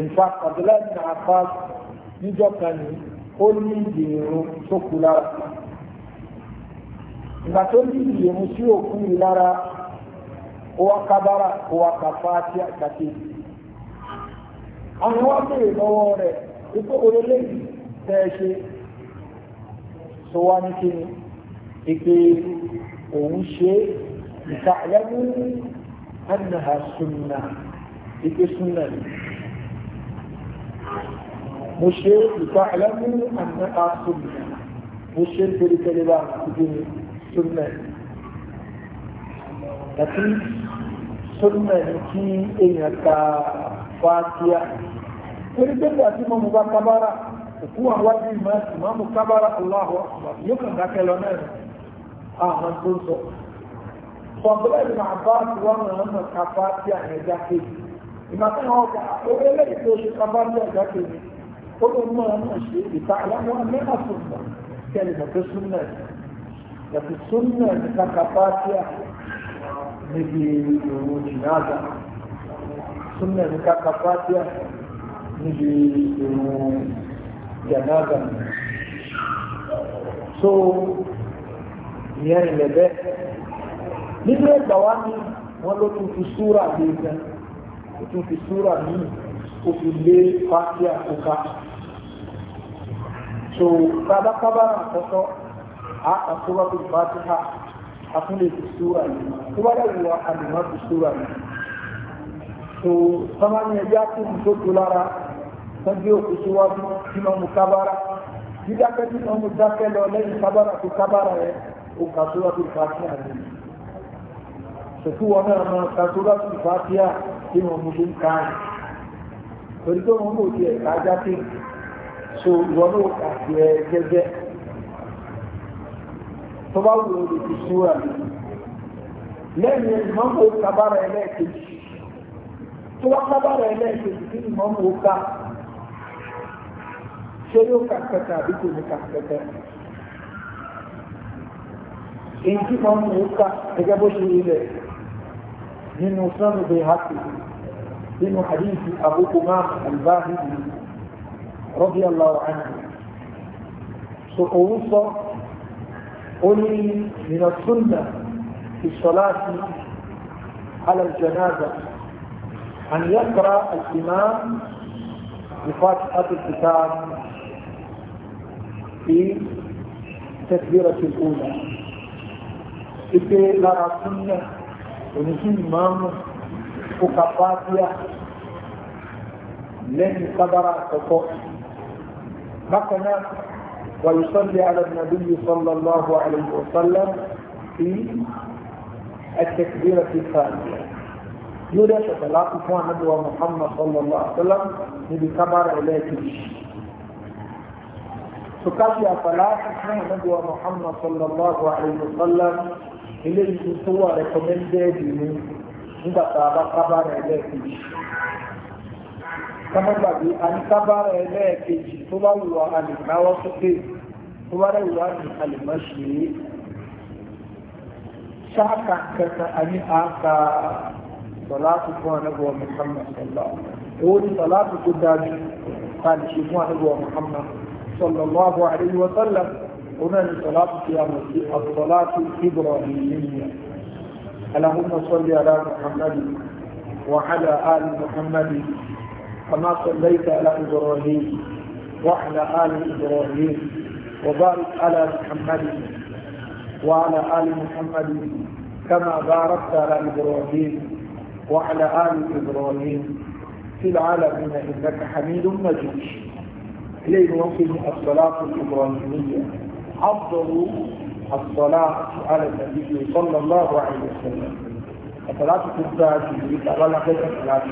in fact abdullahi níjọ́ kan ní ó ní ìdèrò tó kú lára ìgbà tó ní ìdèrò sí òkú lára ó wá ká ó wá ká fáti àkàtì àwọn wá bèèrè lọ́wọ́ rẹ̀ wípé orílẹ̀-èdè tẹ́ ṣe tó wá ní kí ni ìpè òun ṣe ìtàlẹ́mú ẹnìyà súnà ìpè súnà ni mo ṣe ìtàlẹ́mú ẹnìyà súnà mo ṣe pẹ̀lẹ́pẹ̀lẹ́ bá ìpè súnà ni àti súnà ni kí èèyàn ta fáátíà torí gbẹ́gbẹ́ àti mọ́mú bá kábára òkú àwájú ìmọ̀ọ́mù kábára Allahu Akbar yóò kàn dákẹ́ lọ náà àwọn tó ń sọ fọ̀gbọ́lá ìdìbò àbá ti wọ́n mọ̀ ọ́n kápá sí àwọn ẹja kejì ìmọ̀tán àwọn ọ̀gá orílẹ̀-èdè tó ṣe kápá sí ẹja kejì ó ló mọ̀ ọ́n ṣe ìta aláwọ̀ mẹ́ta súnmọ̀ kẹ́lẹ̀ níbi ìrùn jànáàbà so ìyẹn ilẹ̀ bẹ́ẹ̀ nínú ẹgbà wá ní wọ́n ló tún fi súrà lé gan ó tún fi súrà míì ó fi lé pàṣẹ àkókò so tabakabara àkọ́kọ́ a kà súrà tó Fátíhà a tún lè fi súrà yìí tó bá dẹ̀ wọ àdìmọ́ fi súrà yìí so sọ́mọ́ ni ẹgbẹ́ á tún tó tó lára tán gbé òkú síwájú tí wọ́n mú kábára dídákẹ́ tí wọ́n mú dákẹ́ lọ lẹ́yìn kábára tó kábára rẹ̀ ó kà sóràtù fàtíà ni ṣètú wọn náà máa kà sóràtù fàtíà tí wọ́n mú ṣe ń ká rẹ̀ torí tó wọn mú òkè ẹ̀ka jáde so ìwọ náà kà sí ẹ jẹ́jẹ́ tó bá wù ó lè fi súra lẹ́yìn ìmọ̀mọ́ kábára ẹlẹ́ẹ̀kejì tó wá kábára ẹlẹ́ẹ̀kejì tí ìmọ̀mọ́ ká شيوك أحبتا بكل أحبتا إن كيف هم يبقى تجابوش إليه من نصر بيهاتي من حديث أبو قمام الباهي رضي الله عنه سقوصة قولي من السنة في الصلاة على الجنازة أن يقرأ الإمام بفاتحة الكتاب في تكبيرة الأولى إذن لا أكون ونسين مام فكفاتيا لن قدر تقوم بقنا ويصلي على النبي صلى الله عليه وسلم في التكبيرة الثانية يوجد صلاة محمد صلى الله عليه وسلم من كبر إليه sùkàtì àfàlàtì fún ìnáwó Muhammad sallallahu alayhi wa sallam ilé ìlú tó wà rẹkọmẹ́ndẹ́ẹ̀dì ni nígbà tá a bá kábàárà ẹlẹ́ẹ̀kejì. kábàgbàgbé a ní kábàárà ẹlẹ́ẹ̀kejì tó bá wù wá àlìkáwọ́ sókè tó bá rẹ̀ wù wá ní àlìmáṣe sáàkà kẹta a ní àáka sọláàtì fún ìnáwó Muhammad sallallahu alayhi wa sallam. owó ní sọláàtì tó dájú ká lè ṣe fún ìnáwó Muhammad. صلى الله عليه وسلم هنا صلاة قيام الصلاة الإبراهيمية اللهم صل على محمد وعلى آل محمد كما صليت على إبراهيم وعلى آل إبراهيم وبارك على محمد وعلى آل محمد كما باركت على إبراهيم وعلى آل إبراهيم في العالمين إنك حميد مجيد إليه نوصل الصلاة الإبراهيمية أفضل الصلاة على النبي صلى الله عليه وسلم الصلاة الفاتحة يتغلى غير الصلاة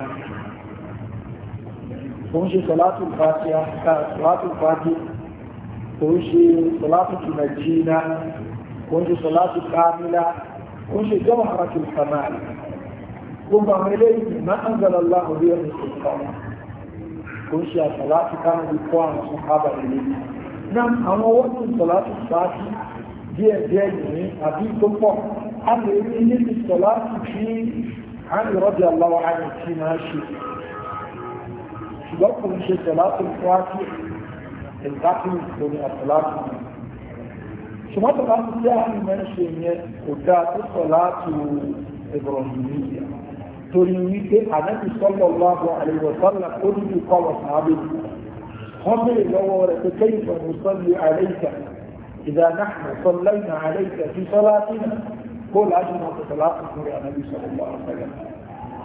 تمشي صلاة الفاتحة صلاة الفاتحة تمشي صلاة المجينة تمشي صلاة كاملة تمشي جوهرة الكمال ثم عليه ما أنزل الله به من سلطان kò ń ṣe àṣàlá ti kánà bí kọ́ àwọn sàhábà ilé náà àwọn owó ní ìsọ̀lá ti sáájú díẹ̀ díẹ̀ yìí àbí tó pọ̀ a lè rí ní ìsọ̀lá ti fi àmì rọ́bì aláwọ̀ àmì tí máa ṣe ṣùgbọ́n kò ń ṣe sọ̀lá tó sáájú ìdákùn ìsọ̀lá àṣàlá ti ṣùgbọ́n Ibrahimiyya torí wípé ànábì sallallahu alaihi wa sallam ó ní ìkọ́ wọ̀ sàábì wọ́n bèèrè lọ́wọ́ rẹ̀ pé kéyìn sọ musalli alayka idha nahnu sallayna alayka fi salatina kó láti mọ̀ tó salatu lórí ànábì sallallahu alaihi wa sallam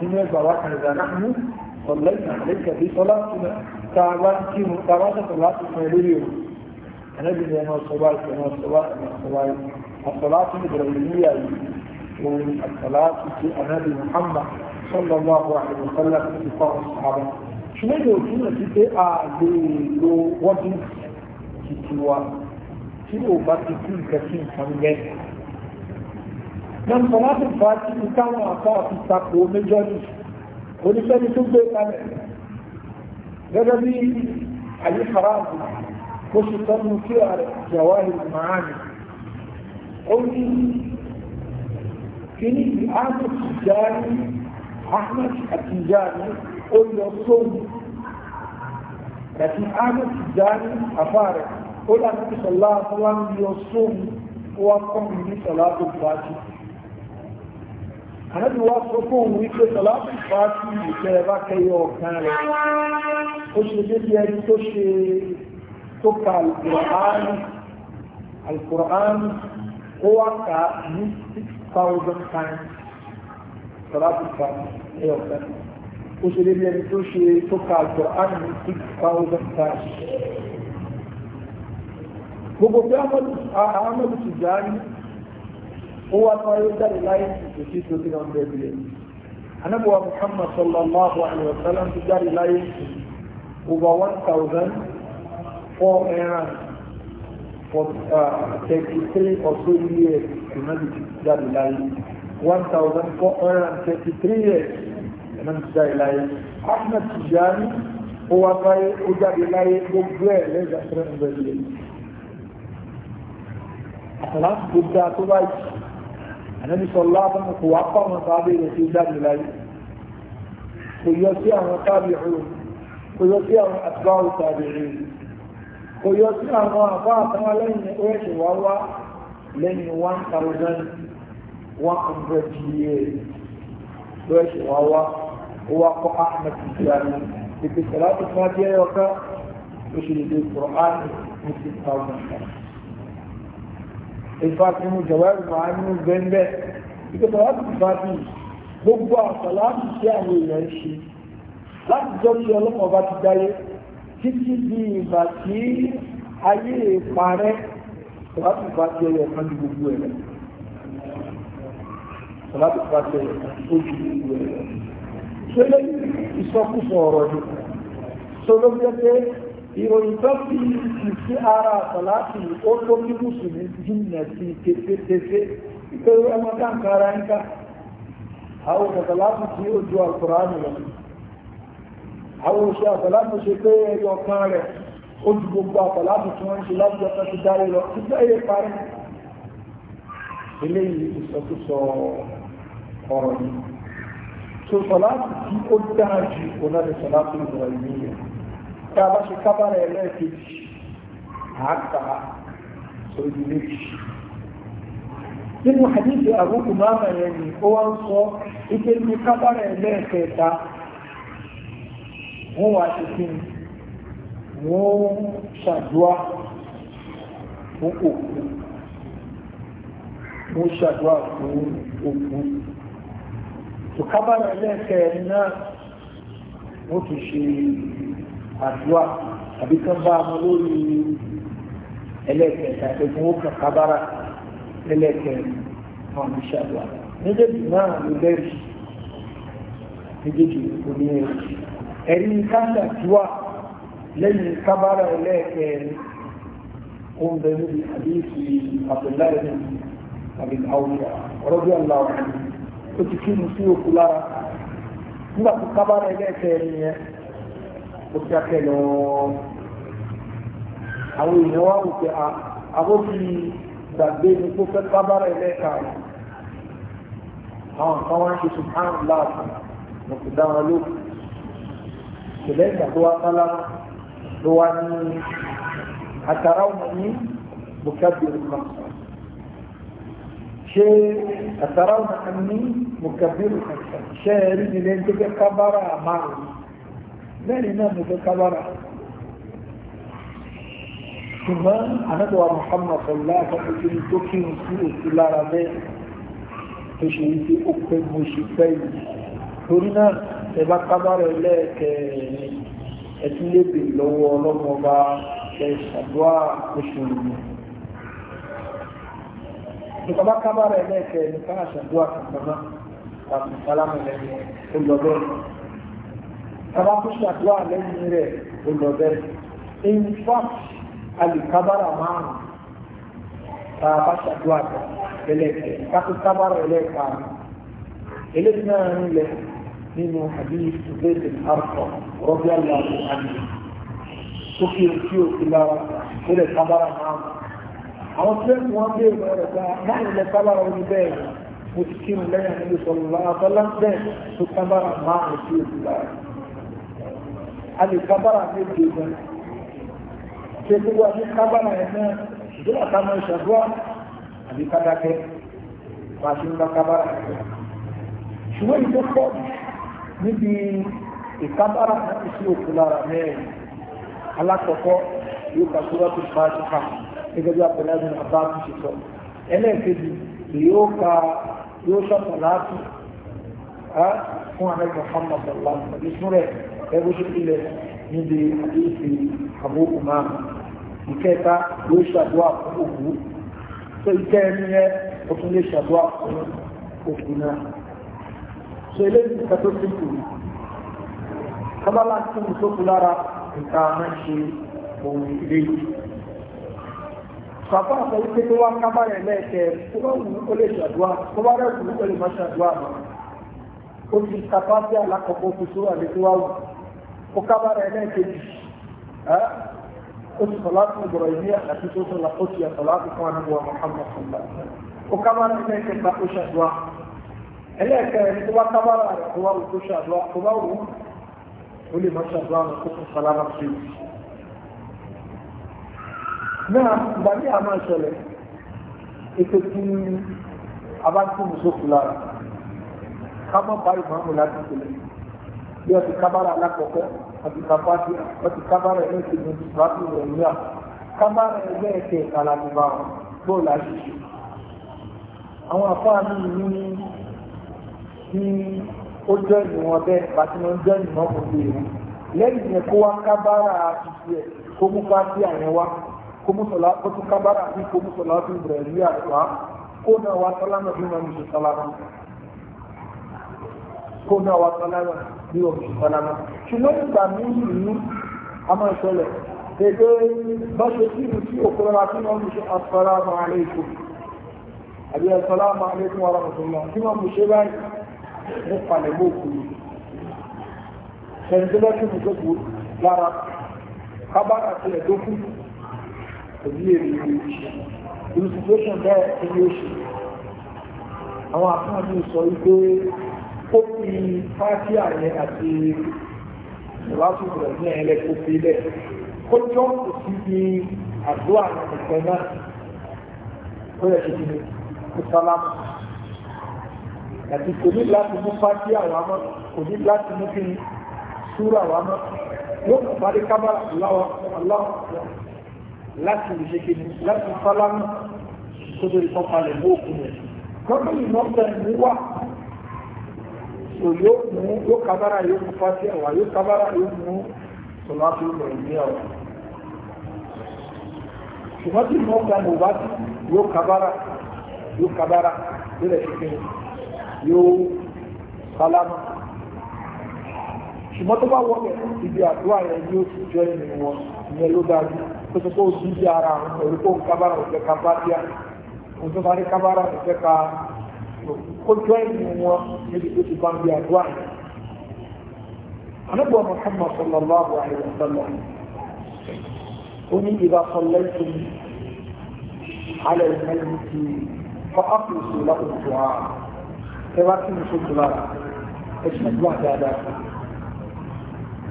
nínú ẹgbà wá kan idha nahnu sallayna alayka fi salatina tààbá kí mu tààbá tó salatu lórí o ànábì ni ẹ̀mọ́ sọ́bà ẹ̀mọ́ sọ́bà ẹ̀mọ́ sọ́bà الصلاة الإبراهيمية ومن الصلاة في النبي محمد sọ́lọ́ bá wà nínú sọ́lá ti fa ọ̀sán ara ṣùgbọ́n yóò túmọ̀ sí a lè lo wọ́dún títí wa tí ó bá ti kú nǹkan sí nǹkan mẹ́. Nam Salatul Fati ti táwọn àpá àti ìtakò méjọ́rì oníṣẹ́ni tó gbé kalẹ̀. Gẹ́gẹ́ bí ali Faraàbù, ó ṣe tọ́nu kí ààrẹ Jawahir al-Ma'ani. Ó ní kíní ìhánù ti jáde ahmed atijani ó lọ sóhun àti ahmed atijani afárẹ ó dàbí kí sọlá afọlá ń lọ sóhun ó wá kọ́ mi ní sọlá tó fàájì ànábì wá sọ fún òun wípé sọlá tó fàájì ìfẹ́ bá kẹyọ ọ̀kan rẹ̀ ó ṣe débi ẹni tó ṣe tó ka alukur'ani alukur'ani ó wá kà ní six thousand times sàlátì kan ní ọ̀kan ó ṣe débi ẹni tó ṣe tó ka Al-Qur'an ní six thousand times gbogbo bí Ahmadu Tijani ó wá tó ayé jáde láyé kò sí tó ti náà bẹ́ẹ̀ bílẹ̀ anábọ̀wá Muhammad sallallahu alayhi wa sallam ti jáde láyé over one thousand four hundred for uh, thirty three or so years ìnáwó ti jáde láyé. 1433 years ẹ̀nà ti jáde láyé Ahmed Tijani ó wá sáyé ó jáde láyé gbogbo ẹ̀ lẹ́gbàá 300 years àtàláṣì tó dáa tó báyìí ànábi sọlá fún kò wá pa àwọn sábẹ́ rẹ̀ tó jáde láyé kò yọ sí àwọn sábẹ́ rẹ̀ kò yọ sí àwọn àtúbáwò sábẹ́ rẹ̀ kò yọ sí àwọn àbá àtàwọn lẹ́yìn ó ẹ̀ṣẹ̀ wá wá lẹ́yìn 1000 100 years lọ́ṣẹ̀ wá wá ó wá kọ́ ahmed ìjọba ìpè sọ̀rọ̀ tó fún ajé ọ̀ká ó ṣe lè dé quran ní 6000 ìfà tí mo jọ̀wọ́ ẹ̀rù máa ń bẹ́ńbẹ́ ìpè sọ̀rọ̀ tó fún ṣe láti jọ sí ọlọ́pàá bá ti dáyé títí di ìgbà tí ayé ìparẹ́ láti bá ti ẹyọ gbogbo ẹ̀rẹ́ láti pàṣẹ ojú ìlú ẹ̀. ṣé lè ìsọkúsọ ọ̀rọ̀ ni tó ló jẹ́ pé ìròyìn tó fi ìsí ara àtàláàtì ó tó kí mùsùlùmí jìnnà sí kéfétéfé pé ọmọ dáǹkà ara ń ká àwọn àtàláàtì tí ó ju àkùránì lọ àwọn òṣè àtàláàtì ṣe pé ẹyọ kan rẹ̀ ó ju gbogbo àtàláàtì tí wọ́n ń ṣe láti ọkọ̀ ti dáre lọ títí ẹyẹ parí eléyìí ìsọkúsọ ọ̀rọ̀ ọ̀rọ̀ yìí so sọláàtì tí ó dáa ju ọ̀nà lè sọláàtì ìgbà ìlú yẹn tá a bá ṣe kábàárẹ̀ ẹlẹ́ẹ̀kejì àáka sórí méjì nínú hadithi àbúkù máàmà yẹn ni ó wá ń sọ ike ní kábàárẹ̀ ẹlẹ́ẹ̀kẹta wọ́n wá ṣe kí ni wọ́n ṣàdúrà fún òkú wọ́n ṣàdúrà fún òkú tòkábàrà ẹlẹ́ẹ̀kẹ́rin náà wọ́n ti ṣe àdúrà àbí kan bá ọmọ lórí ẹlẹ́ẹ̀kẹta ẹ̀gbọ́n ó kàn kábàrà ẹlẹ́ẹ̀kẹrin wọn ní ṣàdúrà méjèèjì náà ló bẹ́ẹ̀rì méjèèjì òní ẹ̀rí ẹ̀rí káńtà àdúrà lẹ́yìn kábàrà ẹlẹ́ẹ̀kẹrin ó ń bẹ níbi àdéhùn àbẹ̀láyé àbẹ̀láwọ̀ rọ́bì aláwọ̀ àdéhùn ó ti kí mu sí òkú lára nígbà tó kábàárẹ̀ ẹlẹ́ẹ̀kẹ́ ẹni yẹn ó ti akẹ́ lọ àwọn èèyàn wá wò pé àbókì gbàgbé ni kó fẹ́ kábàárẹ̀ ẹlẹ́ẹ̀ka rẹ̀ àwọn kan wá ń ṣe subhanahu láàbù mo kò dá lóko ṣẹlẹ̀ ìgbà tó wá sálámà ló wá ní àtàrà ọmọ ní bùkẹ́bìrì kan ṣe àtàrà ọ̀nà ní mùkàbírù kankan ṣe rí nílé ń gbé kábára márùn lẹ́yìn náà mo gbé kábára ṣùgbọ́n anábọ̀wá Muhammad sọ̀lá àkọ́kọ́ ní tó kí n sí òkú lára bẹ́ẹ̀ tó ṣe yí sí ó pé mo ṣe pẹ́ yìí torí náà ẹ bá kábára ẹlẹ́ẹ̀kẹ́rin ẹtún lébè lọ́wọ́ ọlọ́mọba ẹ ṣàdúrà oṣù yìí ìjọba kábàárà ẹlẹ́ẹ̀kẹ́ ní ká àṣàdúrà kankan náà tàbí sálámù lẹ́yìn olùdọ́dọ́ kábà tó ṣàdúrà lẹ́yìn rẹ̀ olùdọ́dẹ́ in fact alìkábàárà márùn tá a bá ṣàdúrà ẹlẹ́ẹ̀kẹ́ ká tó kábàárà ẹlẹ́ẹ̀kẹ́ eléyìí náà ń lẹ nínú hadith Zayd bin Arqam radiyallahu anhu sókè tí o lára ó kábàárà márùn àwọn tí wọ́n dé ìwé rẹ̀ gba máa ń lọ sábàrà omi bẹ́ẹ̀ mo ti kí mi lẹ́yìn àti ìṣòro àbọ́lá bẹ́ẹ̀ tó sábàrà máa ń sí òkú lára a lè sábàrà méje gan ṣe gbogbo àti sábàrà ẹ̀ náà ìjọba ká máa ṣàdúrà àbí kádákẹ́ bá a ṣe ń bá sábàrà ẹ̀ ṣùgbọ́n ìjọ pọ̀ níbi ìkábàrà sí òkú lára mẹ́rin alákọ̀ọ́kọ́ yóò gẹ́gẹ́ bí abdullahi abba tó ṣe sọ ẹlẹ́ẹ̀kejì yóò ka yóò ṣọ̀tọ̀ láti fún ààrẹ muhammad sallallahu alaihi wasallam rẹ̀ ẹgbẹ́ ṣe ilẹ̀ níbi àdéhùn àbó umar ìkẹta yóò ṣàdúrà fún òkú tó ìkẹ́ ẹni yẹ ó tún lè ṣàdúrà fún òkú náà so eléyìí nǹkan tó ti kù kábàlá tó kú lára nǹkan máa ń ṣe òun ilé yìí bàbá àgbà wípé tó wá kábàrẹ̀ lẹ́ẹ̀kẹ́ tó bá wù ó lè ṣàdúrà tó bá rẹ̀ wù ó lè má ṣàdúrà mọ́ ó ti kápá sí alákọ̀ọ́kọ́ fi sórí àlè tó wá wù ó kábàrẹ̀ lẹ́ẹ̀kejì ó ti sọ̀lá fún ìbọ̀rọ̀ ìní àti tó sọ̀lá ó ti yàtọ̀ láti fún àdúgbò Muhammad sọ̀lá ó kábàrẹ̀ lẹ́ẹ̀kẹ́ gba ó ṣàdúrà ẹlẹ́ẹ̀kẹ́ tó wá kábàrẹ̀ rẹ̀ tó wá wù ó ṣàdúrà tó bá wù ó lè má ṣàdúrà mọ́ náà ìgbà ní àmà ìṣẹ̀lẹ̀ ètò tí a bá tún mú sókù lára ká mọ́ parí màmú láti sílẹ̀ bí ọtí kábàrà alákọ̀ọ́kọ́ ọtí kábàtì ọtí kábàrà ẹ̀rọ ìṣègùn ìṣúrátì rẹ̀ níyà kábàrà ẹgbẹ́ ẹ̀kẹ́ ìkàlà ní bá wọn bóòlù àṣìṣe àwọn afáàmì ní ní ó jẹ́ ìwọ̀n bẹ́ẹ̀ bàtí wọ́n jẹ́ ìwọ̀n kò lè rí lẹ́yìn ìyẹn kó wá kábàrà àṣìṣe kó mú fásitì àyẹ̀wá kó mú sọ̀lá kó tún kábàrà bí kó mú sọ̀lá tún bẹ̀rẹ̀ ní àdúrà kó náà wá sálámà bí wọn ṣe sálámà kó náà wá sálámà bí wọn ṣe sálámà ṣùgbọ́n ìgbà míì ní a máa ṣẹlẹ̀ èdè bá ṣe sí ìlú tí òkú rárá tí wọ́n mú ṣe asalamu alaikum àbí asalamu alaikum wa rahmatullah tí wọ́n mú ṣe báyìí ní palẹ̀mọ́ òkú yìí ṣẹ̀ǹdẹ́lẹ́kùn tó lára kábàrà tilẹ̀ tó kù pẹ̀lú èrè irú situation bẹ́ẹ̀ tí yóò ṣe àwọn àfihàn mi sọ wípé ó fi pàtí àyẹ àti ìwáṣù rẹ̀ ní ẹ̀lẹ́ kó fi lẹ̀ ó jọ kò sí bí àdúrà nìkan náà ó yẹ kí ni kó sálámù àti kò ní láti mú pàtí àwọn àmọ́ kò ní láti mú kí ni súrà àwọn àmọ́ yóò láti ìṣèkìní láti sálámù tó tó ìtọ́ palẹ̀ mọ́ òkú rẹ̀. Gọ́ọ̀mù nọ́mbà ẹ̀mí wà so yóò mú yóò kábàrà yóò mú fásí àwà yóò kábàrà yóò mú sọláàtì ìmọ̀ ìní àwà. Ṣùgbọ́n tí nọ́mbà ẹ̀mí wà yóò kábàrà yóò kábàrà yóò lẹ̀ ṣèkìní yóò sálámù ṣùgbọ́n tó bá wọ́n ibi àdúrà rẹ̀ yóò jọ ìrìn wọn ìyẹn ló dájú tó ti kó ojú di ara òun kó kábàrà òun fẹ́ ka bátíà òun tó bá rí kábàrà òun fẹ́ ka kójú ẹ̀yìn wọn níbi tó ti bá ń bí àdúrà yìí. أنبوى محمد صلى الله عليه وسلم قل إذا صليتم على الميت فأخلصوا له الدعاء كما كنتم تلاقوا اسم الله تعالى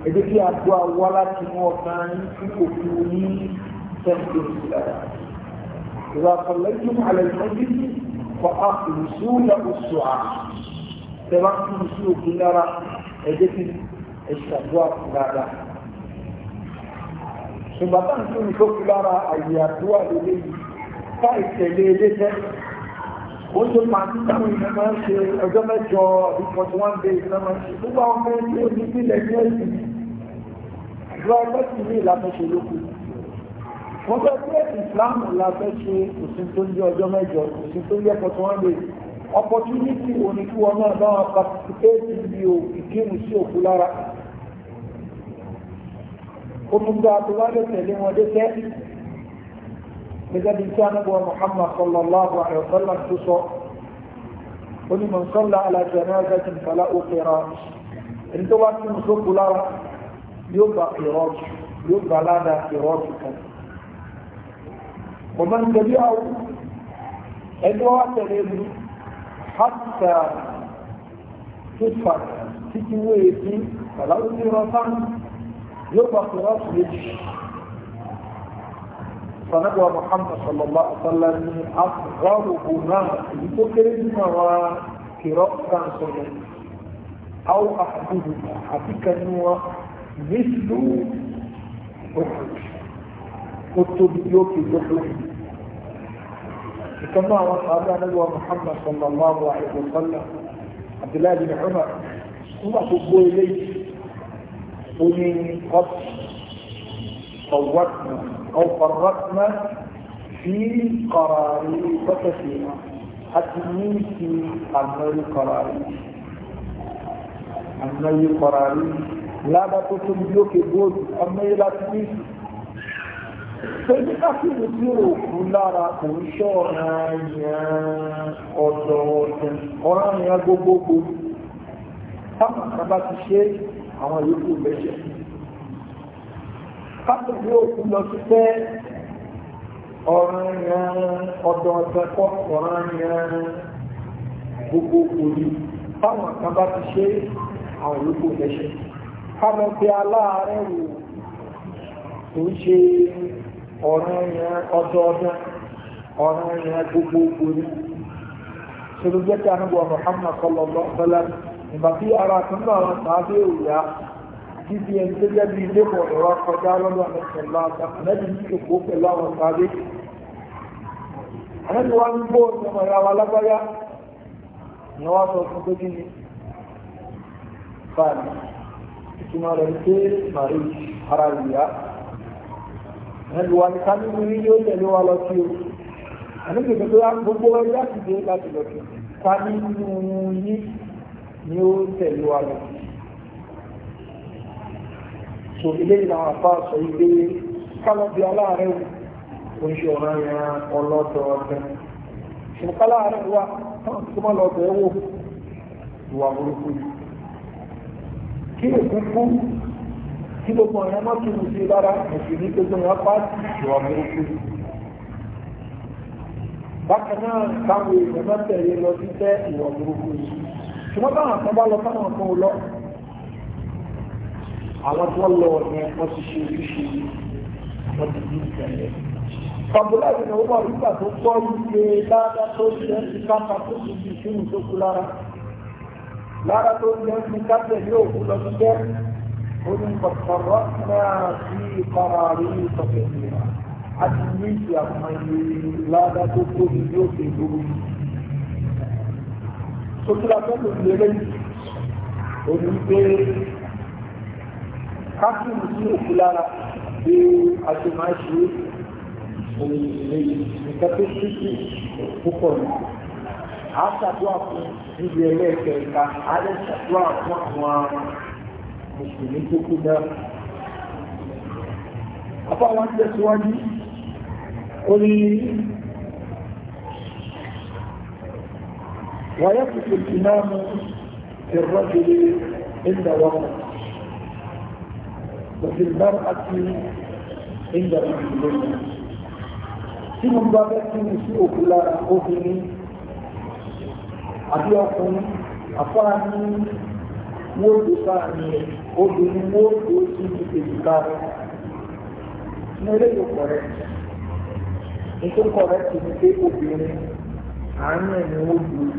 ẹjẹ kí a gbọ́ àwọ̀ láti mú ọkàn yín tí kò fi ní tẹ́ǹtì ìlànà ìwà àfọlẹ́jú àlẹ́ ìmọ̀jú kọ àfìlùsù lẹ́kọ̀ọ́sù à tẹ́lá fún mi sí òkú lára ẹjẹ kí ẹ̀ṣẹ̀ àgbọ̀ àfọ̀ dáadáa. ṣùgbọ́n táǹkì ìṣòkú lára àyè àdúrà lélẹ́yìn ká ìtẹ̀lé eléyìí ó ṣe pàtí táwọn èèyàn máa ń ṣe ọjọ́ mẹ́jọ ìfọ̀tí wọ́n bẹ ìlànà máa ń ṣe gbogbo àwọn ọmọ ẹni ó ní bílẹ̀ ní ẹ̀sìn ìjọ ẹgbẹ́ sì ní ìlànà ṣe lókun wọ́n fẹ́ pé ìsìláàmù la fẹ́ ṣe òsìn tó ń jẹ́ ọjọ́ mẹ́jọ òsìn tó ń jẹ́ fọ̀tí wọ́n bẹ opportunity òní kí wọn náà wọn participate bí o ìkírun sí òkú lára ó tún gbá àtúwálé tẹ̀lé wọn dé sẹ́yìn gẹ́gẹ́ bí tí a níbo Muhammad sallallahu alaihi wa sallam tó sọ ó ní man salla ala janazatin fala ó kẹra ẹni tó bá ti mú sókù lára yóò gba ìrọ́jù yóò gba sanabuwa muhammad sallallahu alaihi wa sallam ni afrahu náà èyí tó kéré nínú àwọn kìrọ kan sọ̀rọ̀ aw ahadudu àti kanuwa nísìlú ó tóbi yóò fi gbogbo ìkànnà àwọn sàbí anábíwá muhammad sallallahu alaihi wa abdullahi bin umar nígbà tó gbó eléyìí ó ní ọ́pù ọ̀wọ́pù أو فرقنا في قراري وتسليمه أتمين في عمل قراري عمل قراري لا بتكون بيوك بود عمل لا تمين Sẹ́yìn káfíìnì tí ó kú lára kò ń ṣọ́ra yẹn ọ̀dọ̀ ọ̀sẹ̀ ọ̀ràn yẹn gbogbogbò. Táwọn kan bá ti ṣe àwọn yòókù lẹ́sẹ̀ kátó ní òkú lọ sí pé ọ̀ràn yẹn ọ̀dọ̀ ọ̀sẹ̀ kọ́ ọ̀ràn yẹn gbogbo òní táwọn kan bá ti ṣe àwọn olóko lẹ́ṣẹ̀ kámọ́ pé aláàárẹ̀ wò tó ń ṣe ọ̀ràn yẹn ọdọọdún ọ̀ràn yẹn gbogbo òní ṣe ló jẹ́ kí anábọ̀ Muhammad sallallahu alaihi wasallam ìgbà tí ara kan náà wọn sàábé òyà títí ẹni tó jẹ́ bí ilé pọ̀ ẹ̀rọ kọjá lọ́dọ̀ àmẹ́sẹ̀lá àtàkùnẹ́bí ní èkó pẹ̀lú àwọn sáré àwọn ìwà ń gbọ́ ọmọ ìyá wa lágbáyá ni wọ́n sọ fún pé kí ni fáàlì ìtumọ̀ rẹ̀ ń pé màrí ara ìyá àwọn ìwà ní kánú ní yóò tẹ̀lé wa lọ sí o àwọn ìgbésẹ̀ tó yá gbogbo wa sì dé láti lọ sí kánú ní yóò tẹ̀lé wa lọ sí so eléyìí làwọn afá sọ yìí pé kálọ́bì aláàárẹ̀ wò ń ṣe ọ̀ràn yẹn ọlọ́dọ̀ ọ̀tẹ̀ ṣùgbọ́n aláàárẹ̀ wà náà tó má lọ́dọ̀ ẹ̀ wò ìwà burúkú yìí kí èkú kú kí gbogbo ọ̀yàn má tún un sí lára ẹ̀sìn ní gbogbo ọ̀yàn pa ìwà burúkú yìí bákan náà káwọn èèyàn má tẹ̀lé lọ sí tẹ́ ìwà burúkú yìí ṣùgbọ́n táwọn kan bá lọ táwọn kan lọ àwọn tó lọ ní wọ́n ti ṣe ojúṣe wọ́n ti di ìṣẹ̀lẹ̀. Fàbúláì ni ó wà nígbà tó gbọ́ wípé lára tó jẹ́ ti kápá tó ti di ìṣúnú tó kú lára. Lára tó jẹ́ ti kápẹ̀ ní òkú lọ sí jẹ́ onígbàtàrọ̀ náà sí ìpara rí ìtọ̀kẹ̀ ìlera. A ti ní ìṣe àwọn ilé lára tó tóbi ní òkè ìlú. Sotila fẹ́ lòdì eléyìí, òní pé kákìrì sí òkú lára bí a ti máa ṣe nǹkan tó ṣíṣì púpọ̀ ní. a ṣàdúrà fún níbi ẹlẹ́ẹ̀kẹta a lè ṣàdúrà fún àwọn mùsùlùmí tó kú náà. apá wọn tẹ̀síwájú ó ní ويقف الإمام في الرجل عند وقت وفي المرأة عند الحمدين tí mo bá bẹ́ kí ní sí òkú lára obìnrin àbí ọkùnrin àfáà ní wọ́n tó sáà ní ẹ̀ obìnrin wọ́n tó sí ní èjìká rẹ̀ ní eléyìí kọ̀rẹ́ nítorí kọ̀rẹ́ ti ní pé obìnrin àárín ẹ̀ ni wọ́n tó sí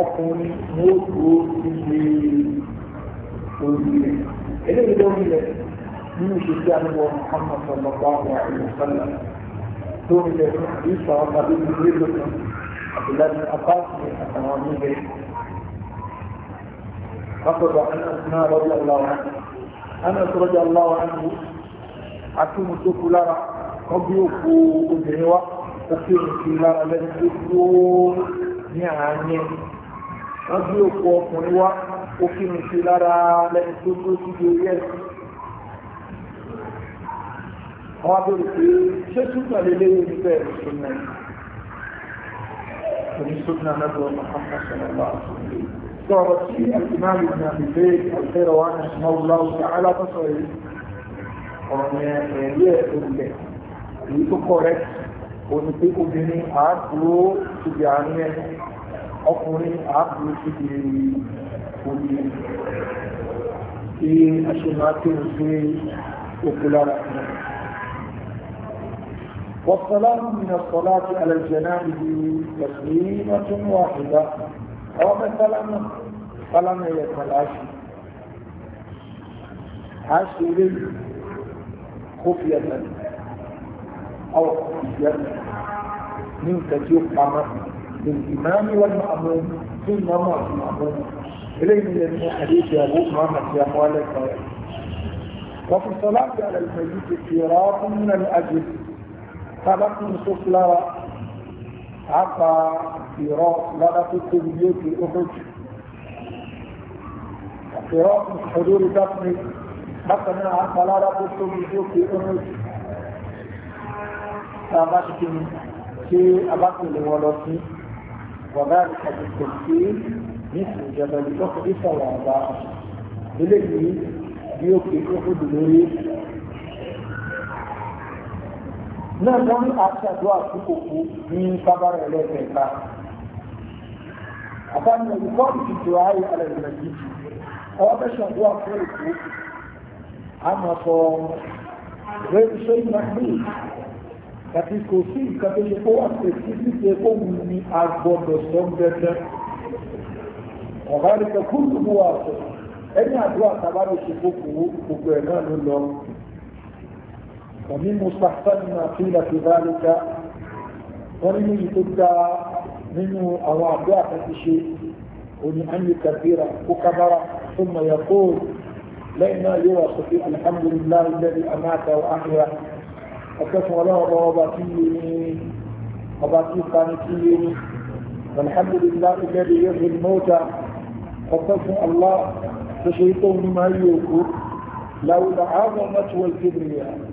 ọkùnrin wọ́n tó sí ní orí rẹ̀ eléyìí lórí rẹ̀ nínú ìṣesí àlùbọ̀ Muhammad sallallahu alayhi wa sallam tó ń lè fún àdìsọ tàbí ìdílé lókun àbíláàbí apáàkì àtàwọn oníbẹ̀. Bákọ̀dọ̀ Anas náà rọ́jà láwọn Anas rọ́jà láwọn àti àtúmù tó kú lára wọ́n bí òkú obìnrin wa ó fi òun sí lára lẹ́nu tó kú ní àárín ẹ̀. Wọ́n bí òkú ọkùnrin wa ó fi òun sí lára lẹ́nu tó kú sí orí ẹ̀sìn àwọn abẹ́rù pé ṣé súnà lè léyìn níbẹ̀ súnà ní súnà lẹ́gbẹ̀ẹ́ Muhammad sallallahu alaihi wasallam sọ̀rọ̀ sí al-Imam ibn Abi Zayd al-Qayrawani rahimahullahu ta'ala tó sọ yìí correct òní pé obìnrin àádúró síbi àárín ẹ̀ ọkùnrin àádúró síbi omi tí a ṣe máa kéwòn sí òkú lára ẹ̀. والصلاة من الصلاة على الجنائز تسليمة واحدة أو مثلا فلم يتلاشى عشر خفية أو خفية من تجيب قامت للإمام والمأمون ثم ما المأمون إليه من حديث ما في يا موالك وفي الصلاة على الميت اقتراض من الأجل tábàkùn tó fúlára àpá ìrọ lára tó tóbi yóò fi ọkọ̀ jù ìrọ ìṣòro dákùnrin bákan náà àpá lára tó tóbi yóò fi ọkọ̀ jù tábàkùn tí abákùn lè wọ́n lọ sí وذلك بالتمثيل مثل جبل أحد صوابا إليه يوكي أحد نريد náà wọ́n ní àṣàdúrà tí kò kú ní kábàárà ẹlẹ́ẹ̀kẹta àbámu ìkọ́ ìtìtò ayé alẹ́ ìrìnàjì ọwọ́ bẹ́ ṣàdúrà fún èkó àmọ́ sọ rẹ̀ ṣe ìgbàgbé àti kò sí nǹkan tó ṣe kó wà pé sí ṣíṣe ohun ni a gbọdọ̀ sọ ń bẹ́ẹ̀ ọ̀gá rẹ̀ kẹ́kọ̀ọ́ ló wà sọ ẹni àdúrà tábàdọ̀ ṣe kó gbogbo ẹ̀ náà ló lọ ومن مستحسن ما قيل في ذلك ولم يتدعى منه أو أعداء شيء ولأن كثيرا وكبر ثم يقول لما يوصف الحمد لله الذي أمات وأحيا وكفى له بواباتيه وباتيه قانتيه والحمد لله الذي يحيي الموتى وكفى الله فشيطان ما يوكل لو عظمة والكبرياء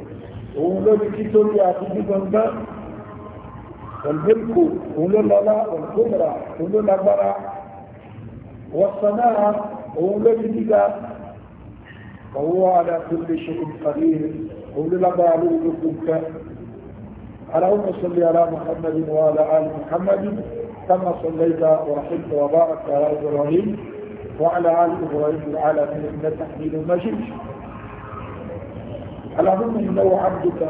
ولا بكتور يا أخي بانتا الملك ولا للا والقدرة ولا لبرا والصناعة ولا بكتا فهو على كل شيء قدير ولا لبالو لكوكا اللهم صل على محمد وعلى آل محمد كما صليت ورحمت وبارك على إبراهيم وعلى آل إبراهيم العالمين إنك حميد مجيد اللهم إنه عبدك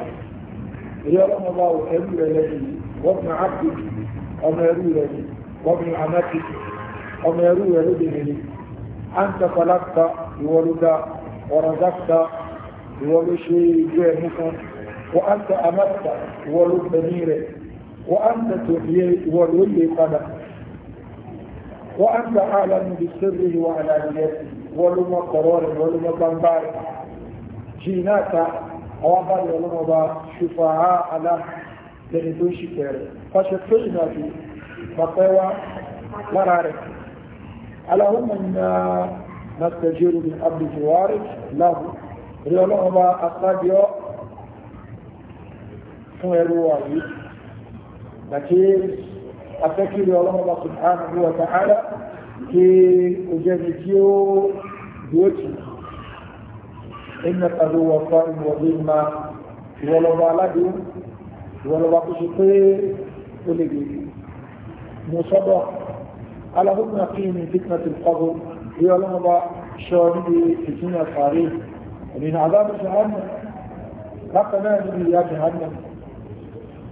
يا رب الله أمير لي وابن عبدك أمير لي وابن عمتك أمير لي أنت خلقت بولد ورزقت بولشي جهنكم وأنت أمرت ولد بنيرك وأنت تحيي ولي قدم وأنت أعلم بسره وعلانيته ولما قرار ولما بنبارك jìnnàta àwọn abáyé ọlọ́mọba ṣùfà á alá lẹ́ni tó ń ṣìkẹ̀ rẹ̀ fàṣẹ tó ìrìn àjò pàpẹ́ wá lára rẹ̀ aláhùnmọ̀ iná nàtẹ̀jẹ́rù ní abdùjúwárí láhù rí ọlọ́mọba asábíọ́ fún ẹrú wà yìí àti afẹ́kiri ọlọ́mọba subhanahu wa ta'ala kí ó tí ó dúó tì إنك هو قائم وظلما ìwọlọ́ba aládùn ìwọlọ́ba tó ṣe pé ó lè gbèrè mo sọ́dọ̀ aláhùnmí àkíyàn fitna ti kọ́bù bí ọlọ́mọba ṣọ níbi ìtúnyà sàárè ìrìn àdáàbò jahannam bákan náà níbi ìyá jahannam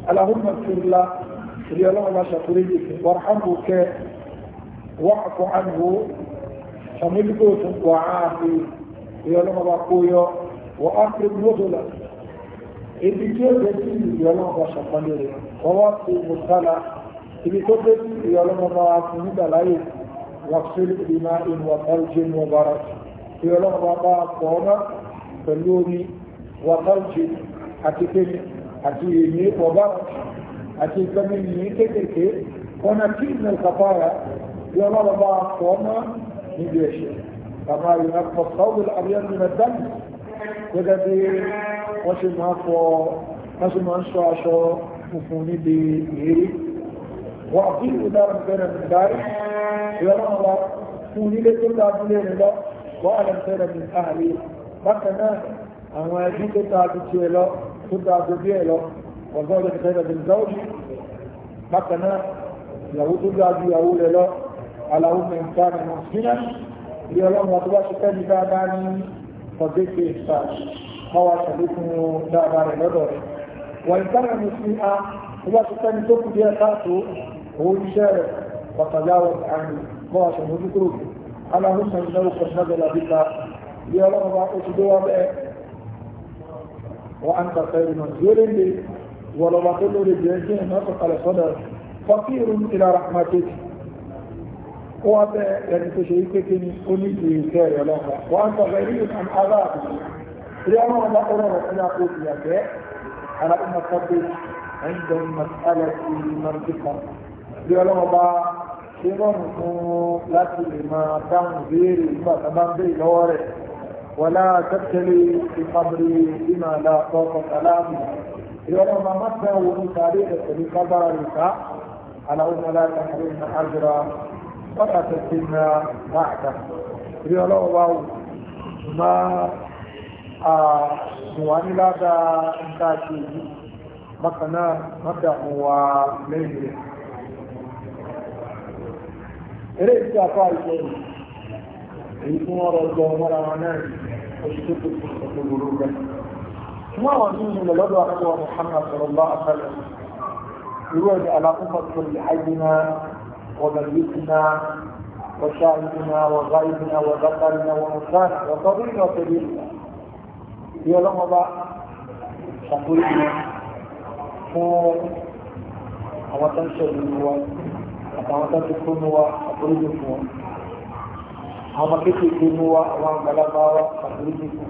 aláhùnmí àkíyànlá ìrìn ọlọ́mọba ṣàkúrè yìí wàhámù kẹ wàhákù ànú ṣàmúlùkò tó wàá àfihàn ìyọlọ́mọba kó yọ wọ́n á pé gbódòlà ibi tí ó jẹ́ sí ìyọlọ́mọba ṣàpọ́nlé rẹ̀ wọ́n wá pé mùsálà ibi tó jẹ́ sí ìyọlọ́mọba fún nígbà láyè wọ́n fi rí ma ìwà tàrújẹ́ ní ọba rẹ̀ ìyọlọ́mọba bá pọ̀ ọ́nà pẹ̀lú omi wà àti kéde àti èmi ọba àti ìkànnì yìí kékèké ọ̀nà tí ìmọ̀ ìkàfàrà ìyọlọ́mọba pọ̀ ọ́nà níbi ẹ̀ṣẹ̀ كما ينقى الثوب الأبيض من الدم gẹ́gẹ́ bí wọ́n ṣe máa fọ wọ́n ṣe máa ń ṣọ́ aṣọ funfun níbi ìrírí wọ́n àbí ìdára bẹ̀rẹ̀ mi dárí ìrọ̀lọ́ wa fún nílé tó ta abúlé rẹ̀ lọ wọ́n àlẹ́ bẹ̀rẹ̀ mi káàrí bákan náà àwọn ẹbí tó ta abú tiẹ̀ lọ tó ta abú bí ẹ̀ lọ wọ́n gbọ́dọ̀ bẹ̀rẹ̀ mi dáwọ́dì bákan náà ìyàwó tó ta abú ìyàwó rẹ̀ lọ aláwọ̀ mẹ́ta rẹ̀ mọ̀ bí ọlọ́run ọdún bá ṣe fẹ́ di dáadáa ní ọ̀gbẹ́ ṣe ìta wọ́n wá ṣàlékún dáadáa rẹ̀ lọ́dọ̀ rẹ̀ wọ́n ń tẹ́lẹ̀ mi sí a ó bá ṣe fẹ́ni tó kù díẹ̀ káàtó òun iṣẹ́ rẹ̀ pàtàkìyàwó àmì mọ́ aṣọ mojú kúrò aláhùn sàn ìnáwó kọ̀ọ̀nàdọ̀ làbíta bí ọlọ́run bá ó ti wá bẹ́ẹ̀ wọ́n á ń tàfẹ́ ìrìnà lórí ilé wọ́n lọ́ba tó lórí ìgbẹ́ وانت يعني تشيكتني قلي لي كاري لها وانت غيري ان اغاب لانا ولا اراد ان اقول يا كاري انا ان اقضي عند المسألة المنطقة لانا ولا شنون لكي ما كان تنظير ما تنظير لوري ولا تبتلي في قبري بما لا طوق كلامي لانا ما مدى ومتاريخة بقدارك على ان لا تحرم اجرى fọ́nà tẹ̀sí na báàkà rí ọlọ́wọ́ wá wù má a dùnwà ní ládàá nǹkan àti èyí bákan náà mọ́tà mú wa lẹ́yìn rẹ̀ eré ìsú àpá ìjọ yìí èyí tí wọ́n rọgbọ mọ́ra wọn náà oṣù tó tó tó وميتنا وشاهدنا وغائبنا وذكرنا وانثانا وصغيرنا وكبيرنا يا لحظة شكرنا fún àwọn tó ń ṣẹlẹ̀ ìlú wa àtàwọn tó ti fún wa àforíjì fún wọn àwọn kéékèèké mú wa àwọn àgbàlagbà wa àforíjì fún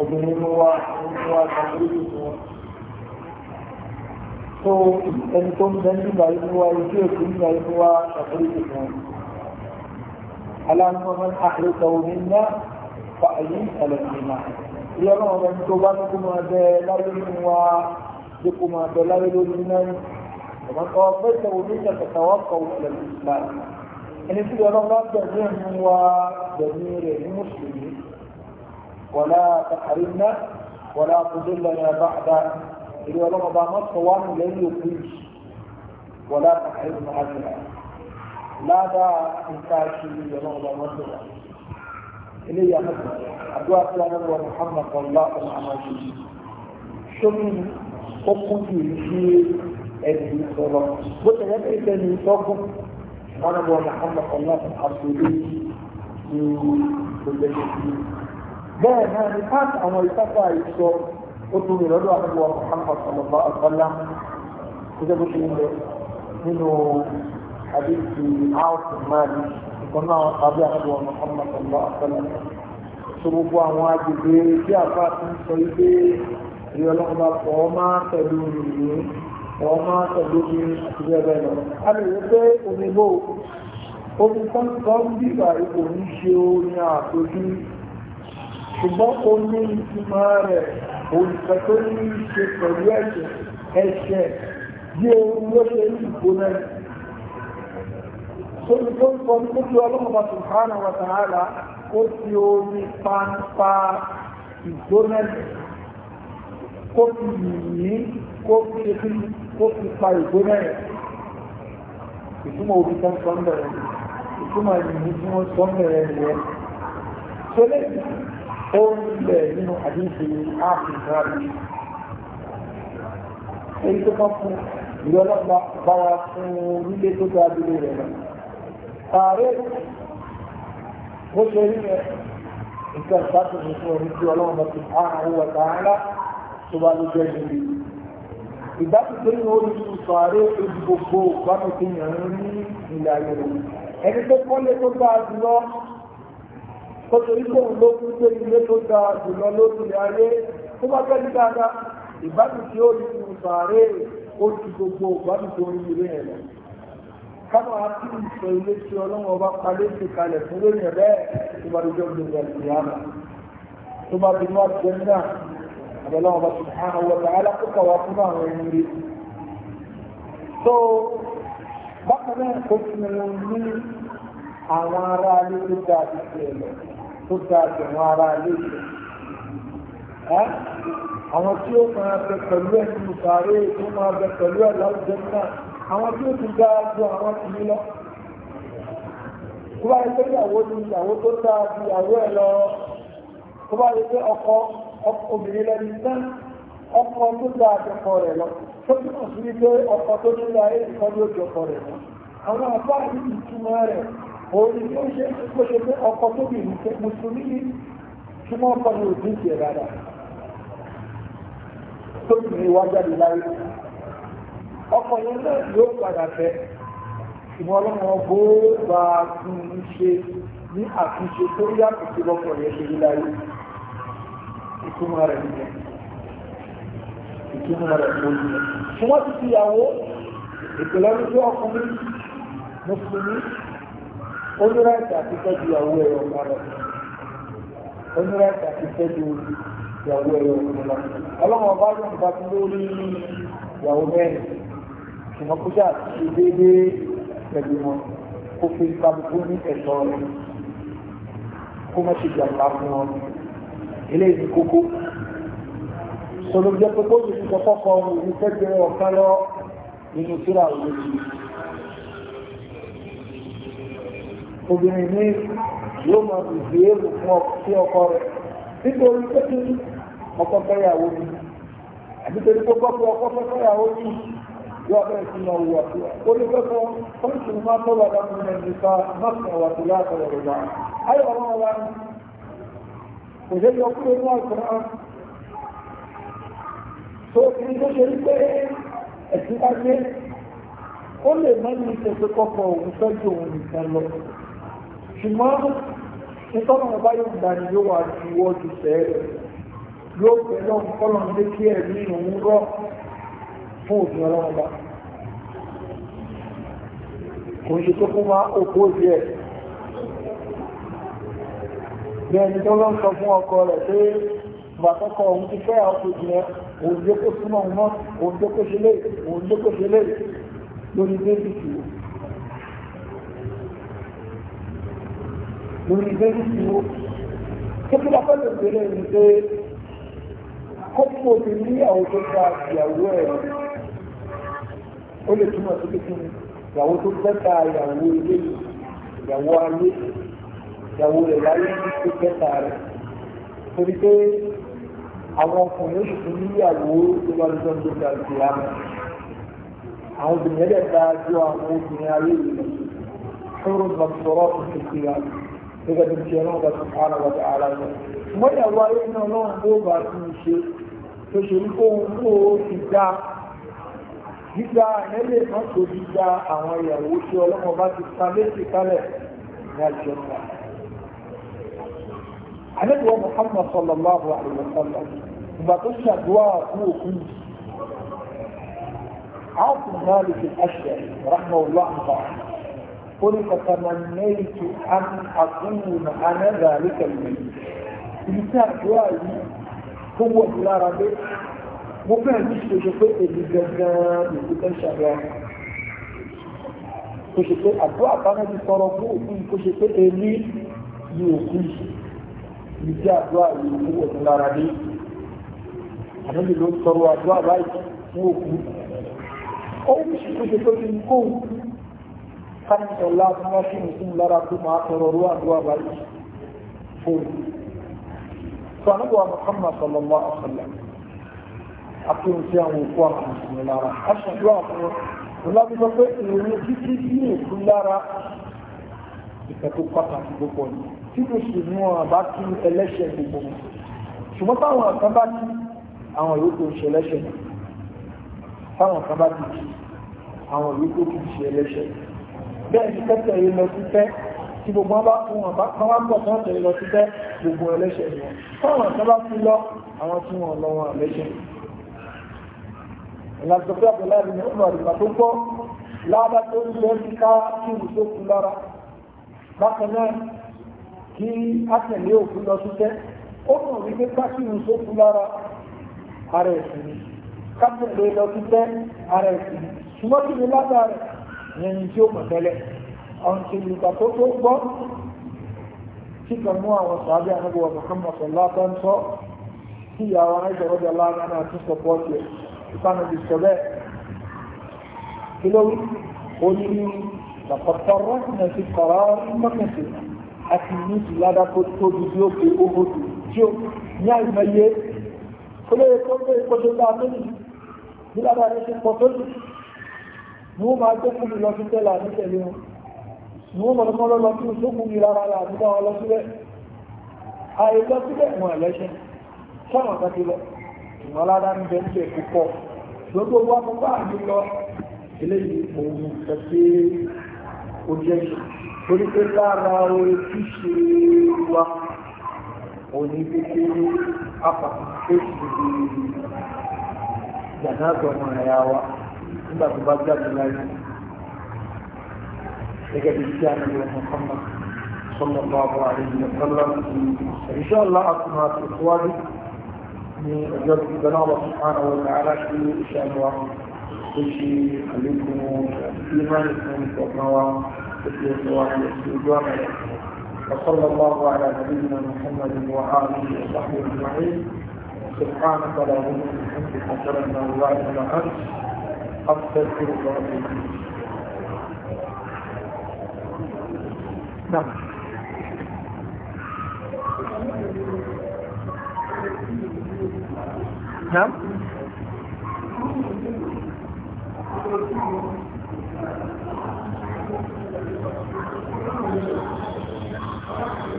obìnrin mú wa àwọn mú wa àforíjì fún wọn tó ẹni tó ń bẹ nígbà inú wa ojú èkó nígbà inú wa ṣàkóso ìgbà aláǹkọ́mọ́ àkókò omi ńlá fa ayé ẹlẹ́mìnà ilé ọlọ́run ọba tó bá ní kó máa bẹ láyé nínú wa bí máa bẹ láyé lórí náà ọ̀gbọ́n tó ọ̀fẹ́ ìtẹ̀wò ní ìtẹ̀kẹ̀kẹ̀ wọ́n kọ̀ ẹlẹ́mìnà ẹni tí ọlọ́run bá gbẹ̀mí ẹ̀mí wa gbẹ̀mí rẹ̀ ní mùsùlùmí wọlá àtàkàrí náà wọlá àtúndínlẹ̀ ìlú ọlọ́mọba mọ́tò wà ní lẹ́yìn òkú yìí wọlé àtàkùn ẹ̀rọ àjùlá ládàá nǹkan ṣe ìlú ọlọ́mọba mọ́tò wà eléyà mọ́tò àdúrà tí a mọ́tò wà Muhammad ọ̀lá ọ̀nà àmàjù sómi ó kún jù sí ẹ̀sìn sọ̀rọ̀ bó tẹ̀lé pé sẹ́ni sọ́kùn wọn bọ̀ Muhammad ọ̀lá àbúrò ní gbogbo ẹ̀sìn bẹ́ẹ̀ náà ní pàtó àwọn ìtàkùn àìsọ ó tún lè lọ́dọ̀ àbúrò Muhammad sallallahu alaihi wa sallam gẹ́gẹ́ bó ṣe ń bẹ nínú àdéhùn áùtù máàlì ìkan náà tàbí àbúrò Muhammad sallallahu alaihi wa sallam tó gbogbo àwọn agbègbè tí àbá ti ń sọ ilé rí ọlọ́run bá fọ pẹ̀lú ìrìn ọ pẹ̀lú ní àtijọ́ ẹgbẹ́ ṣùgbọ́n ó ní ìtumọ̀ rẹ̀ òǹkà tó ní í ṣe pẹ̀lú ẹ̀ṣẹ̀ ẹ̀ṣẹ̀ bí ohun ló ṣe ń dìbò náà sórí tó ń sọ ní gbogbo ọlọ́mọba subhanahu wa ta'ala ó ti omi pampa ìgbóná kó fi yìnyín kó fi ṣe kó fi pa ìgbóná rẹ̀ ìtumọ̀ omi tó ń sọ ń bẹ̀rẹ̀ ìtumọ̀ ìyìnyín tí wọ́n sọ ń bẹ̀rẹ̀ rẹ̀ sólẹ́yìn ó ń lẹ̀ nínú àdínkù áfíríkà rẹ̀ èyí tó kọ́ fún ìrọ̀lọ́gbà bára fún orílẹ̀ tó ga abúlé rẹ̀ lọ. ààrẹ bó ṣe rí rẹ̀ nǹkan ìbátan fún orí tí ọlọ́run bá ti hàn án wọ̀ tààlà tó bá ló jẹ́ níbi. ìbátan tó ní orí tó sọ ààrẹ ojú gbogbo ìbátan tó yàn án ní ìlà yorùbá ẹni tó kọ́lé tó bá jùlọ tó torí kò ló kú pé ilé tó ga jùlọ lórí ayé tó bá fẹ́ ní dáadáa ìgbádùn tí ó rí fún sàárè ó ti gbogbo ìgbádùn tó rí ilé ẹ̀ lọ. káwọn àti ìsọ ilé tí ọlọ́run ọba palẹ́ ti kalẹ̀ fún lórí ẹ̀ bẹ́ẹ̀ tó bá dúdú ọdún ìgbà ìyára tó bá bínú àjẹ́ náà àbẹ̀lọ́wọ́ bá subhanahu wa ta'ala kókò wá fún àwọn ẹni rí. tó bákan náà kó fún àwọn ará alẹ́ tó dáa ti tiẹ̀ tó da àtẹ̀wọ̀n ara lóṣù ẹ́ àwọn tí ó máa bẹ pẹ̀lú ẹ̀ nínú sàárè tó máa bẹ pẹ̀lú ẹ̀ láwùjọ náà àwọn tí ó ti dá ju àwọn tì mí lọ tó bá yẹ pé ìyàwó ni ìyàwó tó dáa ju ìyàwó ẹ̀ lọ tó bá yẹ pé ọkọ obìnrin lẹ́ni náà ọkọ tó dáa àjọkọ rẹ̀ lọ tó túmọ̀ sí wípé ọkọ tó nílò ayé ìkọ́lé òjọkọ rẹ̀ lọ àwọn àbá àti ìtumọ̀ rẹ̀ ọkọ tó bì ní pé mùsùlùmí ni túmọ̀ ọkọ ní òbí tiẹ̀ dáadáa tó bì ní wájà lè láyé ọkọ yẹn náà yóò padà fẹ́ ìmọ̀ ọlọ́run bó bá fún un ṣe ní àtúnṣe tó yàtọ̀ sí lọ́kọ̀ yẹn ṣe rí láyé ìtumọ̀ rẹ̀ nìyẹn ìtumọ̀ rẹ̀ lójú rẹ̀. wọ́n ti fi ìyàwó ìpìlẹ̀ wípé ọkùnrin mùsùlùmí onírẹ́ẹ̀tì àti tẹ́jú ìyàwó ẹ̀rọ ọ̀gá lọ onírẹ́ẹ̀tì àti tẹ́jú ìyàwó ẹ̀rọ ọ̀gá lọ ọlọ́run ọba ló ń bá tún lórí ìyàwó mẹ́rin ṣùgbọ́n kó jà ṣe déédéé pẹ̀lú wọn kó fi kálukú ní ẹ̀tọ́ rẹ̀ kó má ṣe jàmbá fún wọn eléyìí ní kókó sọlọ́jọ́ pé kó lè fi sọ fọ́kọ òun ìfẹ́ jẹ́ ọ̀kan lọ nínú síra òun obìnrin ní yóò mọ ìgbé èrò fún sí ọkọ rẹ̀ nítorí pé kí ọkọ fẹ́yàwó ni àbí torí pé gbọ́ pé ọkọ fẹ́yàwó ni yóò abẹ́rẹ́ sí máa wù àti ó lè fẹ́ fọ́ fọ́nìtì ní máa tọ́lọ̀ dáhùn ní ẹni ká máàkì àwọn àti láàtọ̀ rẹ̀ wá. ayọ̀ ọ̀rọ̀ wa ni kò ṣe yọ kúrò ní àìsàn án. tó o ti tó ṣe pé ẹ̀sìn bá dé ó lè mẹ́rin ṣe pé kọ́kọ́ òun fẹ́ ju òun nìkan lọ ṣùgbọ́n nítorí wọn bá yóò gbà ní yóò wà ju wọ́ọ̀dù sẹ́ẹ̀rẹ̀ yóò fẹ́ lọ́n kọ́lọ̀ ní kí ẹ̀rí òun rọ̀ fún òfin ọlọ́run bá kò ń ṣe tó fún wa òkú òbí ẹ̀ bí ẹni tó lọ sọ fún ọkọ rẹ̀ pé bàtọ́kọ̀ òun ti fẹ́ àwọn òbí rẹ̀ òun jókòó súnmọ́ òun mọ́ òun jókòó ṣe lé òun jókòó ṣe lé lórí bébìtì lórí ìgbésí ìwò kékeré afẹ́lẹ̀ ìgbélé ní pé kọ́pù obìnrin níyàwó tó ta ìyàwó ẹ̀ ó lè túmọ̀ sí pé kí ni ìyàwó tó bẹ́ta ìyàwó ilé ìyàwó alé ìyàwó rẹ̀ láyé ní tó bẹ́ta rẹ̀ torí pé àwọn ọkùnrin oṣù tó níyàwó tó bá lọ́jọ́ tó ta ìyàwó àwọn obìnrin ẹ̀dẹ̀ ju àwọn obìnrin ayé yìí lọ. حور مبصورات في الثياب gẹ́gẹ́ bí ti ọlọ́run bàtà ara bàtà ara rẹ̀. ṣùgbọ́n ìyàwó ayé náà lọ́run tó bá ti ń ṣe tó ṣe ní kó ń kó ti dá gbígba ẹlẹ́ kan tó gbígba àwọn ìyàwó tí ọlọ́run ti ta létí kalẹ̀ ní àjẹmọ́. àlejò Muhammad sallallahu alaihi wa sallam ìgbà tó ṣàdúrà fún òkú عاصم مالك الأشعري رحمه الله تعالى قل فتمنيت أن أكون أنا ذلك الميت ìgbésẹ̀ àdúrà yìí tó wọ̀ ní lára dé mo bẹ̀rẹ̀ ní ṣoṣo pé èmi gangan ìlú tẹ́ ṣàdúrà kò ṣe pé tọrọ fún òkun kò ṣe pé èmi ni òkú ìgbésẹ̀ àdúrà yìí tó kánú ọ̀la tí wọ́n fi nìkún lára tó máa tọrọ rú àdúrà báyìí fóònù. sọ̀nùbọ̀ Muhammad sallallahu alaihi wasallam àti ohun tí àwọn òkú àwọn mùsùlùmí lára. a ṣàdúrà fún wọn. ìlànà sọ pé ìròyìn títí sí èkú lára ìfẹ́ tó pàtàkì púpọ̀ ni tí kò sì mú wọn bá kí ẹlẹ́ṣẹ̀ gbogbo wọn ṣùgbọ́n táwọn kan bá kí àwọn yòókù ṣe ẹlẹ́ṣẹ̀ táwọn kan bá kí àwọn yòókù kì ṣe ẹlẹ́ṣẹ̀ bẹ́ẹ̀ ni kẹ́tẹ̀ yìí lọ títẹ́ tí gbogbo wọn fún wọn bá wá pọ̀ tán tẹ̀lé lọ títẹ́ gbogbo ẹlẹ́ṣẹ̀ ni wọn fáwọn bá fi lọ àwọn tí wọn lọ wọn ẹlẹ́ṣẹ̀ ìlànà tó fẹ́ láti ní yẹn ni tí ó mọ̀ tẹ́lẹ̀ àwọn tí olùgbà tó tó gbọ́ tí kan mú àwọn sàábí ànábọ̀wọ̀ Muhammad sallallahu alaihi wasallam sọ tí ìyàwó anájọ̀rọ̀ bí aláàrẹ̀ náà tún sọpọ́ọ̀tì ẹ̀ ìfànàbì sọ bẹ́ẹ̀ kí ló wí ó ní làkọ̀tọ̀rọ̀ náà ti kọ̀rọ̀ mọ́kànsì àti ní wọ́n máa gbẹ́kùn lọ sí tẹ́lá ní tẹ̀lé wọn ní wọ́n mọ̀lọ́mọ́ lọ sí ìṣókùn ní rárá láti bá wọn nígbà tó bá jáde láyé gẹ́gẹ́ bí sí àmì Muhammad sallallahu alaihi wa sallam insha Allah àtúnmọ̀ àtúnṣíwájú ní ọjọ́ tí bẹ̀rẹ̀ ọ̀rọ̀ subhanahu wa ta'ala sí iṣẹ́ àmúwa tó ṣe àlékún ìmáyé fún ìtọ́kàn wa tó ṣe ẹ̀sọ́ wa ní ẹ̀sọ́ ojú àmì وصلى الله على نبينا محمد وآله وصحبه أجمعين سبحانك اللهم وبحمدك أشهد أن لا إله إلا أنت أستغفر الله نعم نعم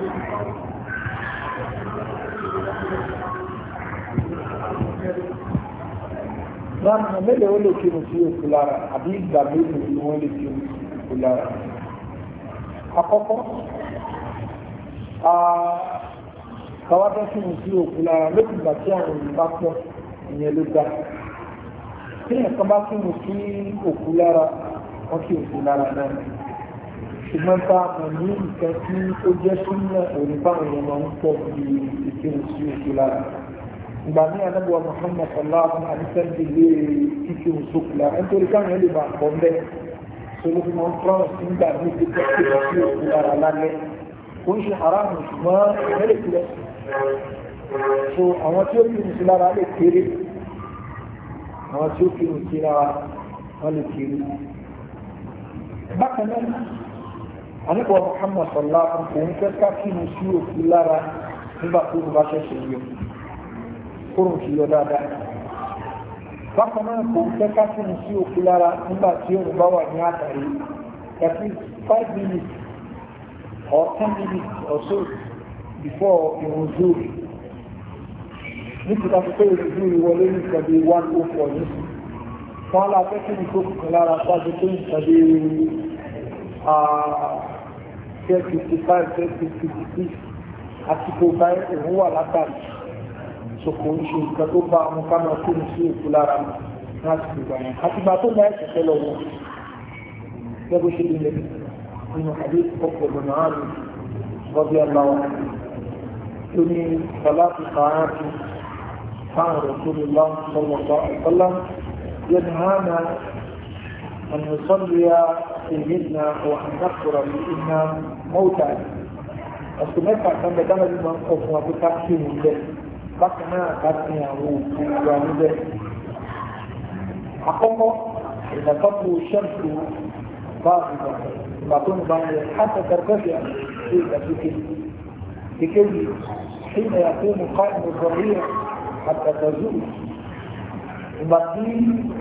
Thank you. lánàá mélòó ó lè kírun sí òkú lára àbí ìgbà mélòó ni wọ́n lè kírun sí òkú lára. àkọ́kọ́ káwá tó kírun sí òkú lára lókùn ìgbà tí àwọn èèyàn bá pọ̀ ìyẹn ló dá. tí nǹkan bá kírun sí òkú lára wọ́n kí òkú lára náà ṣùgbọ́n bá mọ̀ ní nǹkan tí ìgbà ní anábíwá Muhammad sallallahu alaihi wa sallam ilé títí òṣòkùlà nítorí káwọn yẹn lè máa pọ̀ ń bẹ́ sọlọ́dún máa ń fọ́nrán sí nígbà ní ti tẹ́tí sí òkú ara lálẹ́ ó ń ṣe haramu ṣùgbọ́n ìyẹn lè tilẹ̀ so àwọn tí ó fi mùsù lára lè kéré àwọn tí ó fi mùsù lára wọn lè kéré bákan náà anábíwá Muhammad sallallahu alaihi wa sallam kò ń fẹ́ ká kí mùsù òkú lára nígbà tó ń bá ṣẹ̀ṣẹ̀ yọ kórùn sí yọ dáadáa bákan náà kò ń fẹ́ káfíìn sí òkú lára nígbà tí òun bá wà ní àtàrí ẹ̀fí five minutes or ten minutes or so before irun zoo nítorí àti pé irun zoo ìwọlé ní ìkàdé one oh four ní wọn aláfẹ́ kí ni tó kùn lára sáájú pé ìkàdé ten fifty five ten fifty six àsìkò báyìí òun wà látàrí sòkò ń ṣe nǹkan tó bá mu ká máa kúrò sí òkú lára mu láti ìgbà yẹn àti ìgbà tó máa ṣẹ̀ṣẹ̀ lọ wọ lẹ́gbẹ́ ṣe lè nínú àdé ọ̀pọ̀ lọ́nà àrùn rọ́bì aláwọ̀ tó ní sàlátì sàáràtì fáwọn rasulullah sallallahu alaihi wasallam yanhana an nusalli في المدنة وأن نذكر بإن موتى أصل مدفع كان بدل من أصل مدفع في المدنة bákan náà ká sin àwọn òkú wa níbẹ̀. àkọ́kọ́ ìdàkọ́kọ́ ṣẹ́ǹtì bá àbùkù ìgbà tó ń bá ń yẹ káṣẹ tẹ̀gbẹ́fẹ̀ sí ìdàkíkè. ìkejì حين يكون قائم الضريع حتى تزول ìgbà tí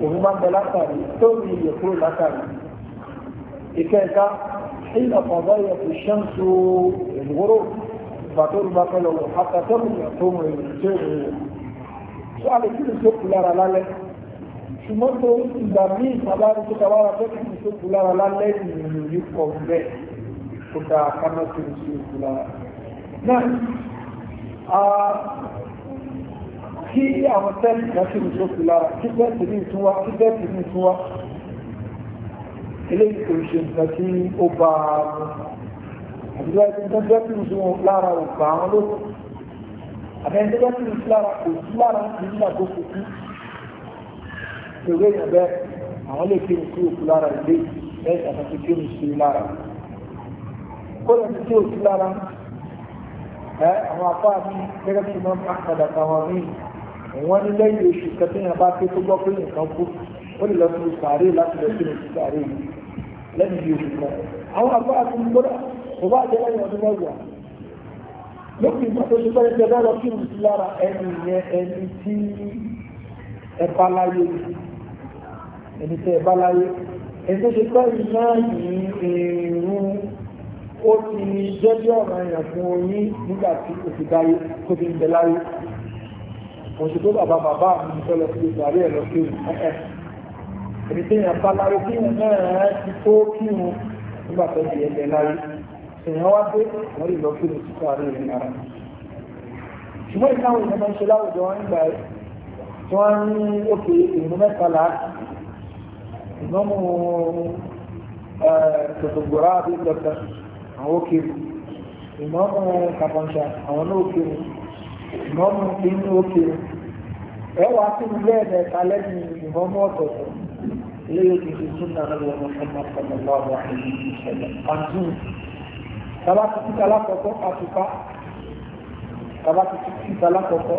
òun máa ń bẹ látàrí tó ní iye kúrò látàrí ìkẹta حين قضيت الشمس الغروب bàtọ́ ló bá fẹ́ lọ wọ̀ àtàtẹ́rù tó mọ̀ èrò tó èrò rẹ̀ tó a lè kí ni tó kù lára lálẹ́ ṣùgbọ́n tó ìgbà míì bàbá rẹ̀ tó kàwá fẹ́ kí ni tó kù lára lálẹ́ ìrìn òní pọ̀ bẹ́ẹ̀ tó ka káná kí ni tó lára. náà kí àwọn tẹ́lẹ̀ kan kí ni tó lára kí bẹ́ẹ̀tì ní ìtúwá kí bẹ́ẹ̀tì ní ìtúwá eléyìí kò ṣe nǹkan tí ó bá a àdúrà ẹni tó bẹ́ kí ìṣòro lára òkà àwọn lókè àbẹ́ni tó bẹ́ kí ìṣòro lára kò sí lára nígbà tó kù kú ìṣòro èèyàn bẹ́ẹ̀ àwọn lè kí ìṣòro òkú lára ilé lẹ́yìn àtàkì kí ìṣòro lára kó lẹ́ni tí òkú lára ẹ́ àwọn afá mi gẹ́gẹ́ bí wọ́n máa padà táwọn mí wọ́n ní lẹ́yìn oṣù kẹtẹ́yìn bá pé tó gbọ́ pé nǹkan kú ó lè lọ sí sàárè láti lọ sí sàárè lẹ́yìn oṣù kan àwọn afá mi gbọ́dọ̀ kò bá jẹ́ lẹ́yìn ọdún mẹ́wàá lókè ìgbà tó ṣe bẹ́ẹ̀ tẹ lọ́rọ̀ kí òun sí lára ẹni yẹn ẹni tí ẹ bá láyé ẹni tí ẹ bá láyé ẹni tó ṣe bẹ́ẹ̀ náà ní èrún ó ti jẹ́ bí ọ̀rọ̀ ẹ̀yàn fún oyin nígbà tí kò ti dáyé tó fi ń bẹ láyé mo ṣe tó bàbá bàbá mi fẹ́ lọ sí ìgbàrí ẹ̀ lọ sí ẹ̀ẹ́ ẹni tí èèyàn bá láyé kí òun náà ti tó kírun nígbà tó ti ẹ̀ bẹ láyé èèyàn wá pé wọ́n lè lọ kí lè túkọ̀ àrẹ rẹ̀ nara ṣùgbọ́n ìtàwọn èèyàn máa ń ṣe láwùjọ wọn nígbà tí wọ́n ní òkè ìrún mẹ́tàlá ìmọ̀mù tòtògbòrá àbí dọ́kítà àwọn òkè ìmọ̀mù kàfọ̀nṣà àwọn náà òkè ìmọ̀mù inú òkè ẹwà tí mo lé ẹ̀mẹ́ta lẹ́nu ìmọ̀mù ọ̀tọ̀ọ̀tọ̀ lẹ́yìn ìdí súnà náà lọ́wọ́ mọ́tò mọ́tò lọ́wọ́ àìyí ìṣẹ̀lẹ̀ àdúgbò tàbá ti la lákọ̀ọ́kọ́ àtùpá tàbá ti títa lákọ̀ọ́kọ́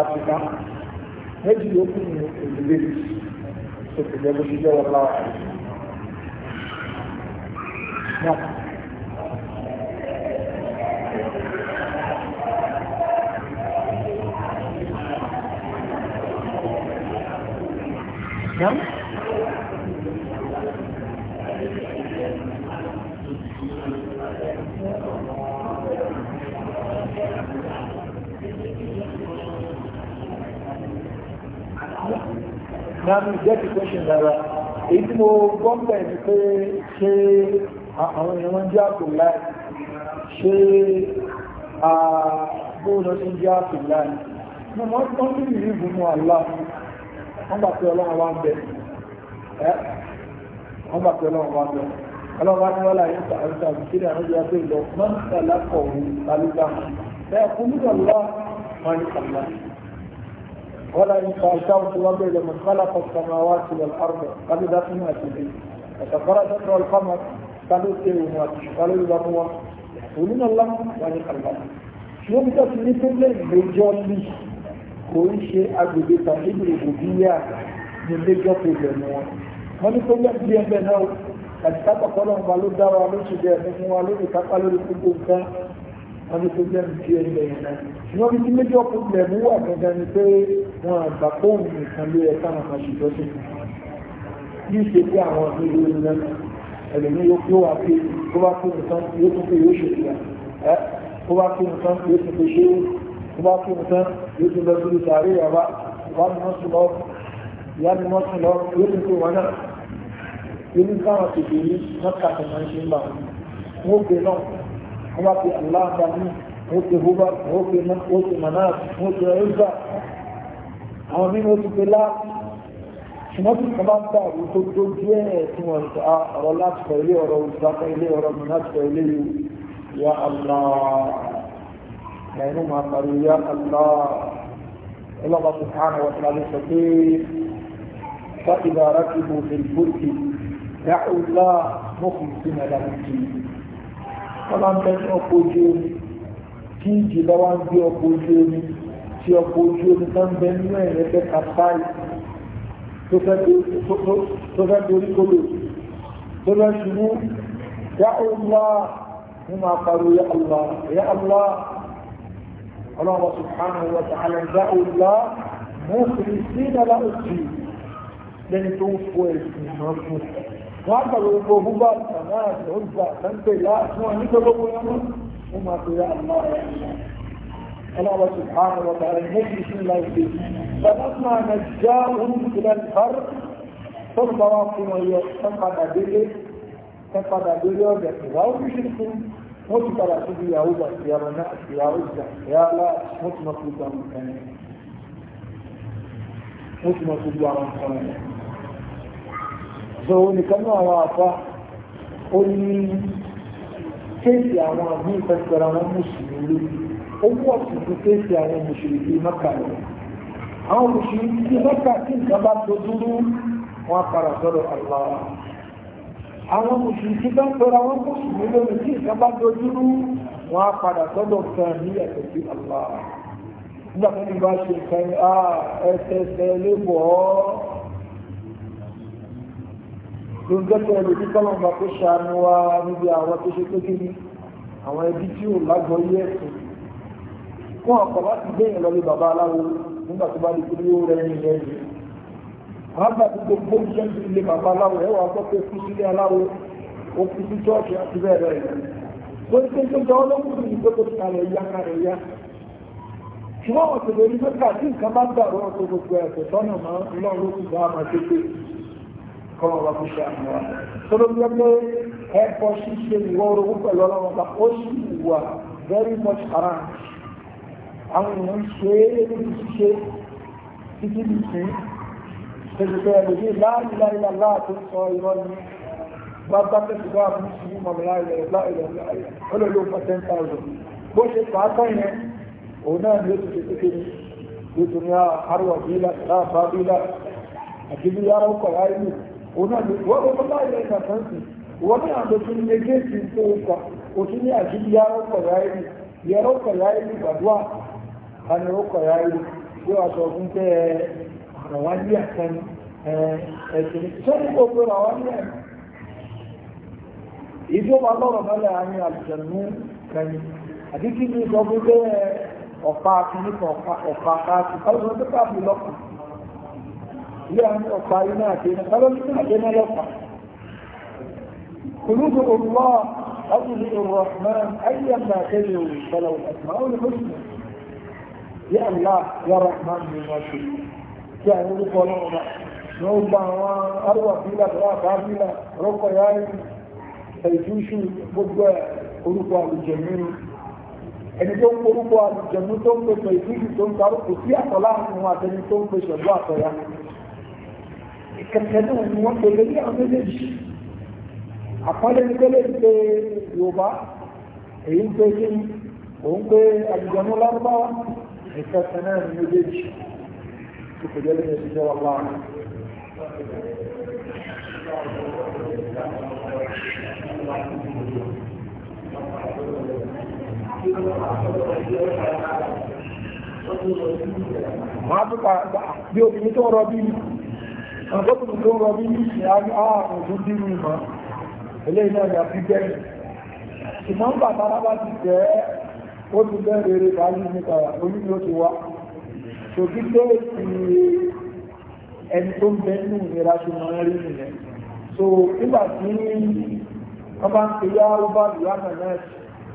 àtùpá méjì ló kù ní òdìlé sókè jẹ́gbó sí jẹ́wọ́ láwà. Yeah. náà mi jẹ́ ti question dára èyí tí mo gbọ́ ń bẹ̀rẹ̀ ni pé ṣé àwọn èèyàn wọn jẹ́ àpò láì ṣé bóòlù ṣe jẹ́ àpò láì mo mọ́ tó ń bí ìrìbù mú àlá wọ́n gbà pé ọlọ́run wá ń bẹ̀ wọ́n gbà pé ọlọ́run wá ń bẹ̀ ọlọ́run wá ní wọ́n láyé ìta àrùta àbùkírí àwọn ìyá pé lọ mọ́ ń tà lákọ̀ọ́ ولئن سألتهم تنظر لمن خلق السماوات والأرض قالوا لا تنأتي فقرأ ذكر القمر قالوا كيف قالوا إذا هو ومن الله يعني خلقه شو بدك نتكلم بالجولي كل شيء أجل توحيد الربوبية من لجة في الجنوة ما نقول لك بين بينه أتكلم قالوا قالوا داروا قالوا شجاع قالوا يتقالوا لكل إنسان wọ́n ní problem tí ẹ lẹ̀ yẹn náà ṣùgbọ́n bí tí major problem wà gangan ni pé wọ́n àgbà fóònù nìkan ló yẹ káwọn kan ṣe ìjọsìn bí ṣe pé àwọn ìlú ìlú náà ẹlòmí yóò fi wà pé tó bá tó nìkan yóò tún pé yóò ṣe ìyá ẹ tó bá tó nìkan yóò tún pé ṣé tó bá tó nìkan yóò tún lọ sí sàárè yàrá ìwà ni wọ́n lọ ìyá ni wọ́n lọ yóò tún pé wọn náà yóò ní káwọn tètè yìí wọ́n bá pe Allah bá ní wọ́n pe Huba wọ́n pe wọ́n pe Manaf wọ́n pe Ẹ̀rọ̀dà àwọn mímu ó ti pe lá ṣùgbọ́n tí wọ́n bá ń bá àwọn tó dójú ẹ̀ tí wọ́n ti a ah, ọ̀rọ̀ láti pẹ̀ ilé ọ̀rọ̀ òṣùpá ilé ọ̀rọ̀ Manaf ya Allah ẹ̀yìn máa pariwo ya Allah الله سبحانه وتعالى يستطيع فإذا ركبوا في الفلك دعوا الله مخلصين له الدين wọ́n máa ń bẹ́ fún ọkọ̀ ojú omi tí ìjì bá wá ń gbé ọkọ̀ ojú omi tí ọkọ̀ ojú omi tó ń bẹ nínú ẹ̀rẹ́ fẹ́ kàfáì tó fẹ́ torí kólò tó lọ ṣubú yá Allah ní máa pariwo yá Allah yá Allah ọlọ́wọ́ subhanahu wa ta'ala yá Allah mú kìrìsìnà láòjì lẹ́ni tó ń fọ ẹ̀sìn náà fún ẹ̀ wọ́n gbà gbogbo búbá ìtàná àti òǹgbà àtàǹtẹ̀ ìyá fún ọ nítorọ́gbọ́ yẹn mọ́ wọ́n máa fi rá àmọ́ rẹ̀ ọlọ́wọ́ sì bá ń rọ̀ bàrẹ̀ méjì sí ńlá ìgbé bàbá máa nà já òun ìlà ìbár tó ń bá wa fún wọn yọ ti padà ti mọ̀ sí gbogbo àwọn nǹkan yẹn so nìkan náà àwọn àfa ó ní kéèsì àwọn àbí ìfẹsẹ̀rẹ̀ àwọn mùsùlùmí ó mú ọ̀sùn fún kéèsì àwọn mùsùlùmí mẹ́ka lọ àwọn mùsùlùmí mẹ́ka tí nǹkan bá tó dúró wọn para sọ́dọ̀ àlọ́ àwọn mùsùlùmí bá ń tọ́ra wọn mùsùlùmí lónìí tí nǹkan bá tó dúró wọn á sọ́dọ̀ kan ní ẹ̀sẹ̀ sí àlọ́ nígbà tó ní bá ṣe nǹkan ní ah, ẹsẹ̀ ẹsẹ̀ lébọ̀ọ́ ló ń jẹ́kẹ́ ẹlòmí kọ́lọ̀mà tó ṣàánú wa níbi àwọn tó ṣe kékeré ní àwọn ẹbí tí ò lágbọ́ yé ẹ̀sìn fún ọ̀pọ̀ láti gbé yẹn lọ́lé bàbá aláwo nígbà tó bá di pé yóò rẹ ẹni yẹn yìí àwọn àgbà tó gbogbo iṣẹ́ ti lé bàbá aláwo ẹ̀ wà gbọ́ pé kú sílé aláwo ó kú sí chọ́ọ̀kì àti bẹ́ẹ̀ bẹ́ẹ̀ lọ lórí pé tó jọ ọlọ́kùnrin ní pé kó ti kalẹ̀ ya kalẹ̀ ya ṣùgbọ́n ọ̀sẹ̀ lórí pé kàdí nǹkan bá gbà lọ́wọ́ tó gbogbo ẹ̀sẹ̀ tọ́nà máa ń lọ́ọ́ lókùn bá máa ṣe pé kọ́mọ bá kó ṣe àmọ́ wa tó ló gbé pé ẹ̀kọ́ ṣíṣe ìwọ orogún pẹ̀lú ọlọ́wọ́ bá ó sì wà very much haram àwọn èèyàn ń ṣe é ní ṣíṣe títí bí sí ṣèṣẹ̀ṣẹ̀ ẹ̀lòmí láìláìláìlá tó ń sọ irọ́ ní bàbá tẹ̀síwá àbúrú sí mọ̀mọ̀láìláìláìlá ó lè ló fọ́ ten thousand bó ṣe pàápàá yẹn òun náà ni ó ti ṣe kékeré nítorí ah, àrùwà bílà àbábílà àti bí yàrá ọkọ̀ láìlú òun náà wọ́n ló bá ilẹ̀ ìgbà kan sí wọ́n ní àwọn tó ní méjèèjì ha ha lọ́rọ̀ mọ́lẹ̀ àárín àlùjẹ̀nú kẹni àdíkí ní ìjọ fún pé eh, eh, e eh, ọ̀pá ọ̀pá káàkiri kálùsọ̀ tó káàkiri lọ́kùnrin ilé àwọn ọ̀pá iná àti iná قلوب الله أولي الرحمن أيما كانوا فلو أسمعوا الحسنى يا الله يا رحمن من وجهك يا أولي قلوبنا نوبا أروى بلا برا بابلا رقى ياري سيجوشي بدوى orúkọ àlùjẹ̀mí ni ẹni tó ń porúkọ àlùjẹ̀mí tó ń tó ń sí àtẹni tó ń àtọ̀yá kẹ̀kẹ́ náà ni wọ́n pèlè ní àwọn méjèèjì àpọ́nlé ní pélé ń pe Yorùbá èyí ń pe kí òun pe àjùjọmú lárúbáwá ìkẹ̀kẹ́ náà ni méjèèjì tó kò jẹ́ lẹ́yìn ìṣiṣẹ́ wa bá wọn. Máa tó ka bí obìnrin tó rọ bí ọgọ́tùn tó rọ bí ní ṣe ààrùn tó dínú ìmọ̀ ilé iná ìyà fi jẹ́ ṣùgbọ́n bàtàrà bá ti jẹ́ ó ti bẹ́ rere báyìí nípa onílò ti wá ṣòkí tó ti ẹni tó ń bẹ ṣe mọ̀ rí nìyẹn so nígbà tí wọ́n bá ń pe yá ó bá lù lánàá náà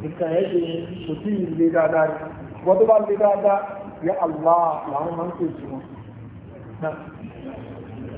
nìkan ẹ̀ ṣe kò tí ì le dáadáa ṣùgbọ́n tó bá le dáadáa yá àlùbá làwọn máa ń pè sí wọn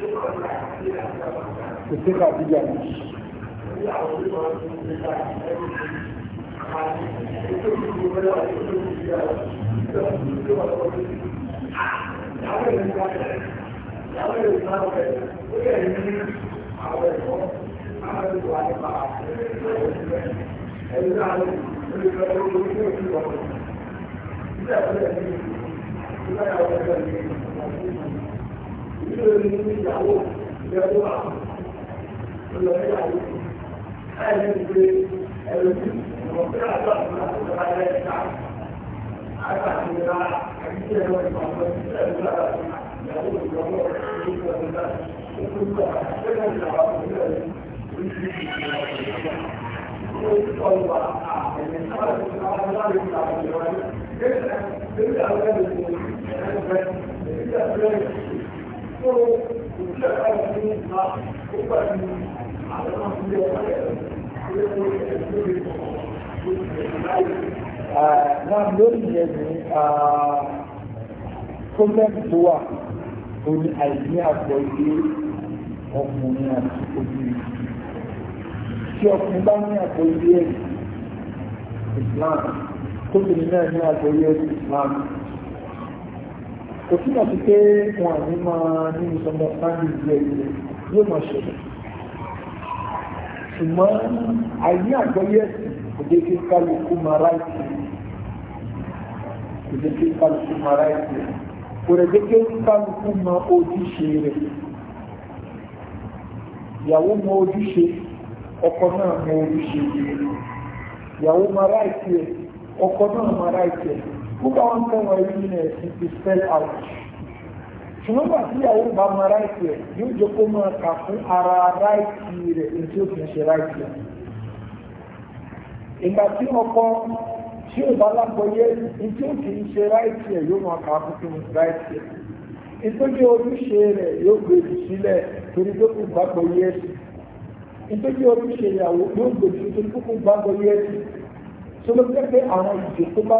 kò sí kàdíjà ní. Thank you nínú Thank you tó ìdílé ẹ̀ka ní ìgbà ó gbà ní àwọn ọmọ ìdílé ẹ̀ka Náà lórí ìyẹn ni pọ́lẹ́mù tó wà ó ní àìní àgbọ̀ ọkùnrin àti obìnrin. Tí ọkùnrin bá ní àgbọ̀ ilé ẹ̀sìn Islam, tóbi náà ní àgbọ̀ ilé Islam kò túmọ̀ sí pé wọn àní máa ní ìsọmọ sáńdì díẹ̀ díẹ̀ yóò máa ṣẹlẹ̀ ṣùgbọ́n àìní àgbọ́yé ẹ̀sìn kò dé kí kálukú máa ráìtì kò dé kí kálukú máa ráìtì kò rẹ̀ dé kí kálukú máa ojúṣe rẹ̀ ìyàwó mọ ojúṣe ọkọ náà mọ ojúṣe ìyàwó máa ráìtì ẹ̀ ọkọ náà máa ráìtì ẹ̀ gbogbo àwọn nǹkan wọ̀nyí ní ẹ̀sìn ti spell out ṣùgbọ́n bá sí àwọn bá mọ ráìtì rẹ̀ yóò jẹ́ kó máa kà fún ara ráìtì rẹ̀ ní tí ó fi ń ṣe ráìtì rẹ̀ ìgbà tí ọkọ tí ó bá lágbóyé ní tí ó fi ń ṣe ráìtì rẹ̀ yóò máa kà fún kí ní ráìtì rẹ̀ ìtọ́jú ojúṣe rẹ̀ yóò tó ló jẹ́ pé àwọn ìjòkó bá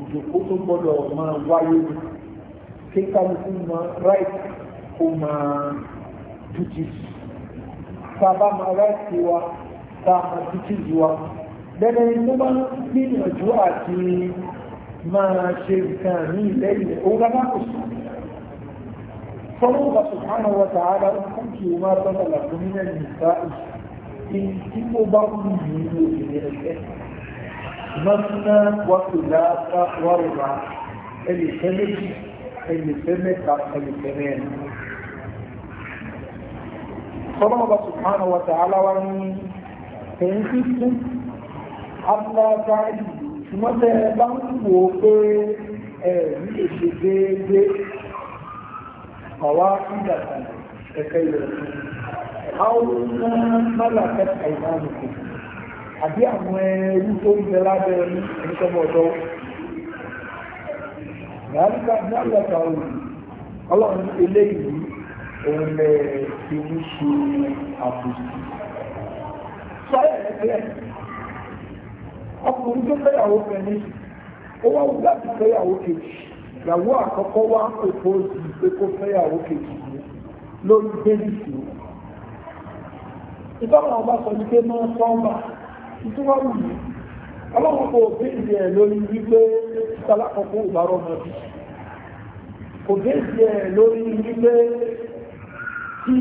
ìjòkó tó gbọ́dọ̀ máa wáyé ni kí kálukú máa right kó máa dúdú tá a bá máa right sí wa tá a máa dúdú sí wa lẹ́nu tó bá gbìyànjú àti máa ṣe nǹkan ní lẹ́yìn òun rárá kò sí. فالله سبحانه وتعالى أنكم ما بلغ من النساء إن تبوا بعض من النساء مثنى وثلاثة وربع اللي سمت اللي سمت اللي كمان فرمى سبحانه وتعالى وعني تنفيس الله تعالى ما تهدان بوكي ميشيكي قواعد كيف أو ملكة أيمانكم àbí àwọn ẹrú tó ń bẹ lábẹ́ ẹni ẹnìkọ́mọ̀ ọ̀dọ́ ìyáríkà ní àlọ́ta òun ọlọ́run eléyìí òun lẹ ti ń ṣe àbòsí sọ́yà ẹ̀fẹ́ ọkùnrin tó fẹ́yàwó fẹ́ni ó wá wù láti fẹ́yàwó kejì ìyàwó àkọ́kọ́ wá òpó òsì pé kó fẹ́yàwó kejì lórí bẹ́ẹ̀lì sí i ìtọ́nà ọba sọ ní pé máa sọ́ọ́mà tó wá wù mí ọlọ́run kò gbé ìdí ẹ̀ lórí wípé sálákọ̀ọ́kọ́ ìbárọ̀ mọ́ bí kò gbé ìdí ẹ̀ lórí wípé tí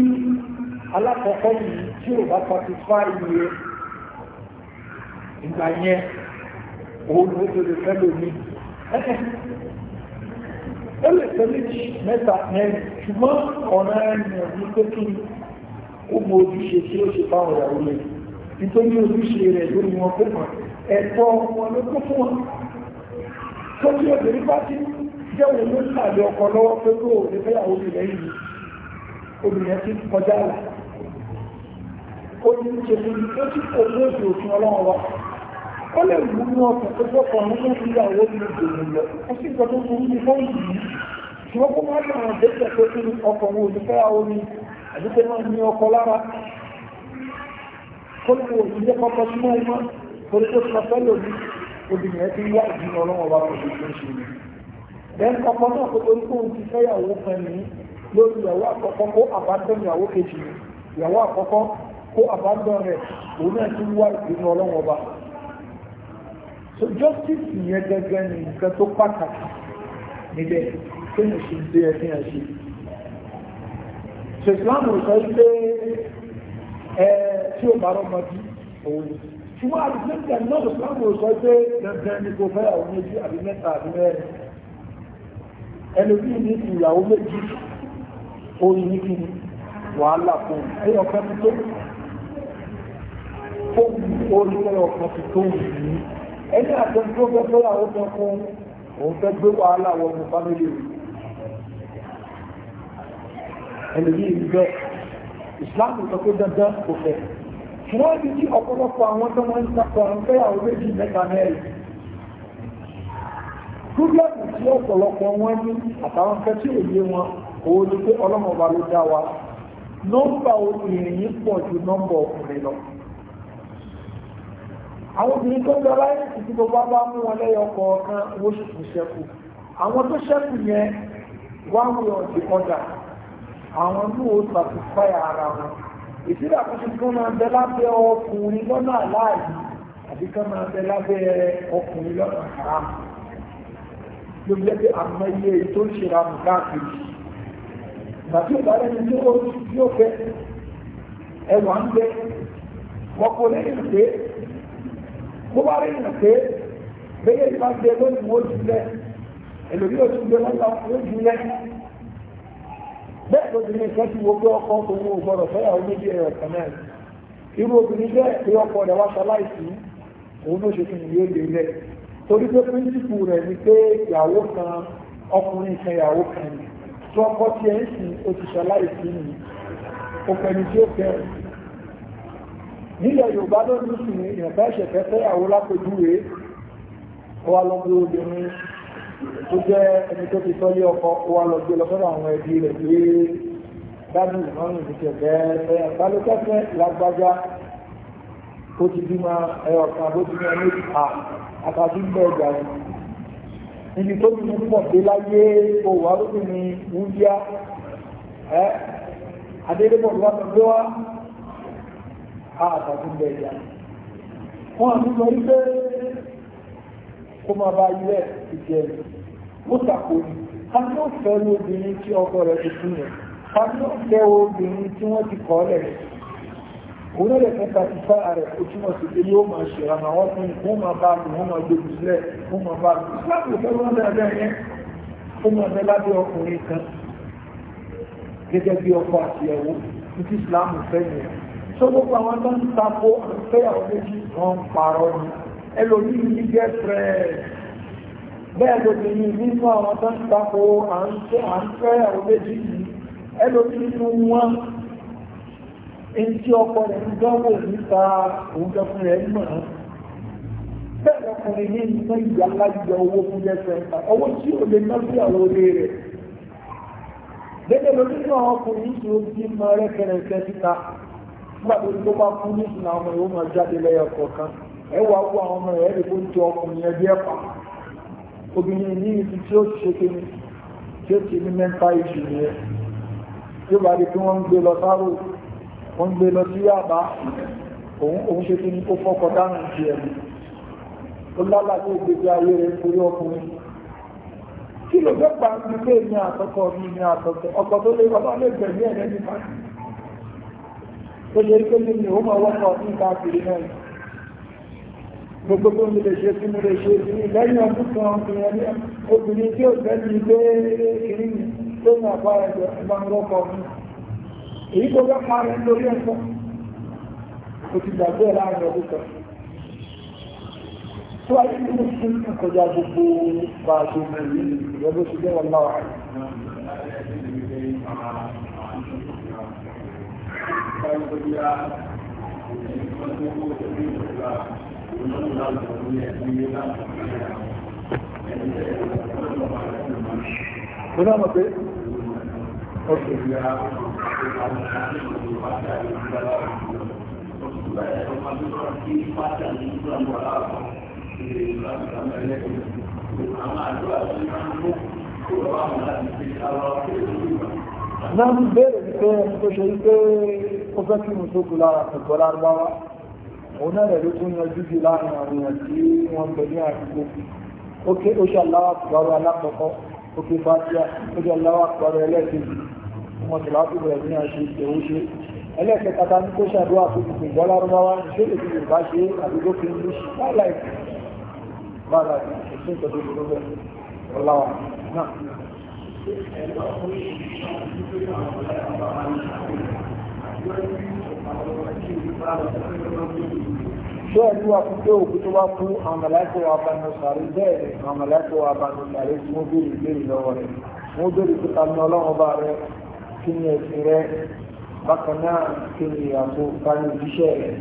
alákọ̀ọ́kọ́ yìí tí ò bá satisfy iye ìgbà yẹn òun ló tó lè fẹ́ lómi ó lè fẹ́ méjì mẹ́ta mẹ́rin ṣùgbọ́n ọ̀nà ẹ̀yìn ọ̀dún pé kí ó mọ ojúṣe tí ó ṣe fáwọn ìyàwó lẹ́yìn nítorí ojúṣe rẹ̀ lórí wọn kó mọ̀ ẹ̀tọ́ wọn ló kó fún wọn tó tí obìnrin bá ti jẹ́ òun ló sàlẹ̀ ọkọ̀ lọ́wọ́ pé kó o lè fẹ́yàwó mi lẹ́yìn mi obìnrin ti kọjá là ó ti ń ṣe lórí ó ti kó lóòjì òfin ọlọ́run wa ó lè mú ní ọkàn tó gbọ́ kan nínú ìyàwó mi dòun lọ ó sì gbọ́dọ̀ mú ní fọ́ọ̀mù yìí ṣùgbọ́n kó má bàa dé pẹ̀lú ọkọ̀ wọn ò ní fẹ́yàwó mi àdúgbò náà ní ọkọ̀ lára kólú òṣìṣẹ́ kọ́kọ́ súnmọ́ ọmọ torí tó sọ fẹ́lò ní obìnrin ẹbí wá ìdíni ọlọ́wọ́ bá kò ṣe ṣe ní. bẹ́ẹ̀ kọ́kọ́ náà kó torí kóun ti fẹ́ ìyàwó kan ní lórí ìyàwó àkọ́kọ́ kó àbádọ́ ìyàwó kejì ní ìyàwó àkọ́kọ́ kó àbádọ́ rẹ̀ òun náà ti wá ìdíni ọlọ́wọ́ bá. so justice yẹn gẹ́gẹ́ ni nǹkan tó pàtàkì níbẹ̀ kéèyàn ṣe ń gbé ẹbí ẹ̀ ṣe. so tí ó parọ́ mọ́ bí òun ni ṣùgbọ́n àdìsẹ́ńtì àti náà lọ́sọ̀rọ̀ àwọn òṣọ́ pé dandan ni kò fẹ́ àwọn méjì àbí mẹ́ta àbí mẹ́rin ẹni bí ní ìyàwó méjì orin ní kí ni wàhálà fún un ẹyọ kan ti tó fóun orin ẹyọ kan ti tó wù ní ẹni àtẹni tó fẹ́ fẹ́ àwọn kan fún òun fẹ́ gbé wàhálà wọnú fámìlì rẹ̀ ẹni bí ní bẹ́ẹ̀ islam sọ pé dandan kò fẹ́ ṣùgbọ́n ibi tí ọ̀pọ̀lọpọ̀ àwọn tó máa ń sapọ̀ ń fẹ́ àwọn méjì mẹ́ta mẹ́rin gúgúlẹ̀kù tí ọ̀pọ̀lọpọ̀ wọn ní àtàwọn fẹ́ tí òye wọn òun ni pé ọlọ́mọba ló dá wa nọ́mbà obìnrin yìí pọ̀ ju nọ́mbà ọkùnrin lọ àwọn obìnrin tó ń lọ láyé títí gbogbo bá mú wọn lẹ́yọ kọ̀ọ̀kan wọ́n sì kù ṣẹ́kù àwọn tó ṣẹ́kù yẹn wá wúyọ̀ ọ̀dì ọ̀dà àwọn ní o satisfy ara wọn ìsílẹ̀ àkóso kí wọ́n máa bẹ lábẹ́ ọkùnrin lọ́nà aláàyè àbí kí wọ́n máa bẹ lábẹ́ ọkùnrin lọ́nà haram ló jẹ́ pé àmọ́ iye tó ń ṣe ra mù káàkiri tàbí ìbálẹ̀ ní tí ó yóò fẹ́ ẹwà ń gbé wọ́pọ̀ lẹ́yìn pé bó bá rí ìrìn pé bẹ́yẹ̀ ìbá gbé lónìí wọ́n jùlẹ̀ èlòmí ò tún gbé lọ́nà ó jùlẹ̀ bẹ́ẹ̀ lóbìnrin kan ti wo pé ọkọ òun ò gbọdọ̀ fẹ́yàwó méjì ẹ̀rọ kan náà irú obìnrin bẹ́ẹ̀ pé ọkọ rẹ̀ wá ṣaláìsí òun ló ṣe fún ìwé ìlú rẹ̀ torí pé píríncípù rẹ̀ ni pé ìyàwó kan ọkùnrin kan ìyàwó kan ni tí ọkọ tí ẹ ń sìn ó ti ṣaláìsí ni ó pẹ̀lú tí ó fẹ́ nílẹ̀ Yorùbá ló ń sìn ìyànfẹ́ ìṣẹ̀fẹ́ fẹ́yàwó lápẹjúwe ó wá lọ́gbọ́ obìnrin tó jẹ́ ẹni tó ti tọ́lé ọkọ wa lọ gbé lọ́sọ́dọ̀ àwọn ẹbí rẹ̀ pé dájú ìmọ̀ràn ìdíkẹ̀ bẹ́ẹ̀ balùkẹ́fẹ́ lágbájá ó ti bímọ ẹyọ kan bó ti bímọ méjì pa àtàbí bẹ́ẹ̀ gbà rẹ̀ níbi tó ti pọ̀ dé láyé owó arúgbìnrin wúndíá ẹ́ adélébọ̀ ló wá sọ pé wá àtàbí bẹ́ẹ̀ gbà wọ́n àti sọ wípé kó máa bá ilẹ̀ ìjẹ́ rẹ̀ ó sàkóyì ká ní ó fẹ́ ní obìnrin tí ọkọ rẹ̀ ti fún yẹn ká ní ó fẹ́ obìnrin tí wọ́n ti kọ́ lẹ̀ òun lè fẹ́ ta ti fẹ́ ààrẹ ó túmọ̀ sí pé yóò máa ṣe ọ̀nà wọn fún un máa bá lù wọ́n máa gbèbù sílẹ̀ wọ́n máa bá lù islam ló fẹ́ wọ́n dáadáa yẹn ó máa bẹ lábẹ́ ọkùnrin kan gẹ́gẹ́ bí ọkọ àti ẹ̀wọ́ títí islam fẹ́ yẹn tó gbogbo àwọn tó ń takò àfẹ́yàwó méjì wọ́n ń parọ́ ni ẹlòmí ní gẹ́fẹ́ bẹ́ẹ̀ lòmí ní nínú àwọn tó ń tako à ń fẹ́ àwọn méjì yìí ẹlòmí nínú wọn èyí tí ọkọ rẹ̀ ń dánwò níta òǹkẹ́ fún rẹ̀ mọ̀ bẹ́ẹ̀ lọkùnrin ní iná ìgbà alájọ owó fún gẹ́fẹ́ owó tí ò lè ná sí àwọn olè rẹ̀ gẹ́gẹ́ lórí ní àwọn ọkùnrin tí ó bí mọ rẹ́kẹrẹkẹ síta nígbà tó bá fún ní ìsìn àwọn ọmọ ìwọ́n máa jáde lẹ́yọ̀ kọ̀ọ̀kan ẹwà wọ àwọn ọmọ rẹ̀ ẹ̀rì kó ń jọ ọkùnrin ẹbí ẹ̀pà obìnrin ní ibi tí ó ti ṣe kí ni tí ó ti ní mẹ́ta ìṣù nìyẹn tí ó bá di pé wọ́n ń gbé lọ sáró ń gbé lọ sí òun ṣe kí ni kó fọ́kọ dánù ti ẹ̀mí ó lálà tó ayé nítorí ọkùnrin kí ló fẹ́ pa ọkọ tó lé lè gbẹ̀mí ní gbogbo tó mi lè ṣe tí mo lè ṣe sí lẹ́yìn ọdún kan ìrìnlẹ́ obìnrin tí ó fẹ́ ní ilé kiri tó ní àbá ẹ̀jọ̀ ẹ̀bá ń rọ́kọ̀ mi èyí tó bẹ́ pa rẹ̀ lórí ẹ̀kọ́ ó ti gbàgbé láàrin ọdún kan tó wáyé tí mo fún ìkọjá gbogbo bá Thank you. Mo náà mọ̀ pé ọ̀sẹ̀ ìyá Náà ń bèèrè wípé ẹni tó ṣe wípé ó fẹ́ kí mo tó kù lára ẹ̀kọ́ lárúbáwá òun náà ló tún yanjú jù láàrin àwọn èèyàn tí wọ́n ń bẹ ní àdúgbò ó ké ó ṣe Allahu Akbar alákọ̀ọ́kọ́ ó ké fásíà ó ṣe Allahu Akbar ẹlẹ́ẹ̀kejì wọn sì láti bẹ̀rẹ̀ ní àṣẹ ìṣẹ̀wó ṣe ẹlẹ́ẹ̀kẹta ta ní kó ṣàdúrà tó ti gbìyànjọ́ lárúbáwá ṣé lè fi yorùbá ṣe àdúgbò fi ń lù sí láìláì bára ìṣẹ́ ìtọ́jú ìlú bẹ́ẹ̀ ọláwà náà. Thank bẹ́ẹ̀ ni wà fún pé òkú tó bá fún àmàlàkọ̀ abanusàrí bẹ́ẹ̀ ni àmàlàkọ̀ abanusàrí tí wọ́n béèrè ìbéèrè lọ́wọ́ rẹ̀ wọ́n béèrè pé ta ni ọlọ́run bá rẹ kí ni ẹ̀sìn rẹ bákan náà kí ni ìyàtọ̀ ta ni òjíṣẹ́ rẹ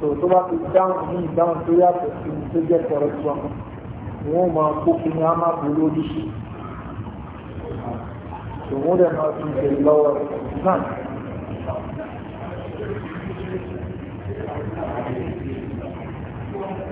tó tó bá ti dáhùn ní ìdáhùn tó yàtọ̀ sí ní tó jẹ́ tọrọ tí wọn wọ́n máa kó kí ni a máa bò lórí tó wọ́n dẹ̀ máa fi ìbéèrè lọ́wọ́ rẹ̀ Thank you.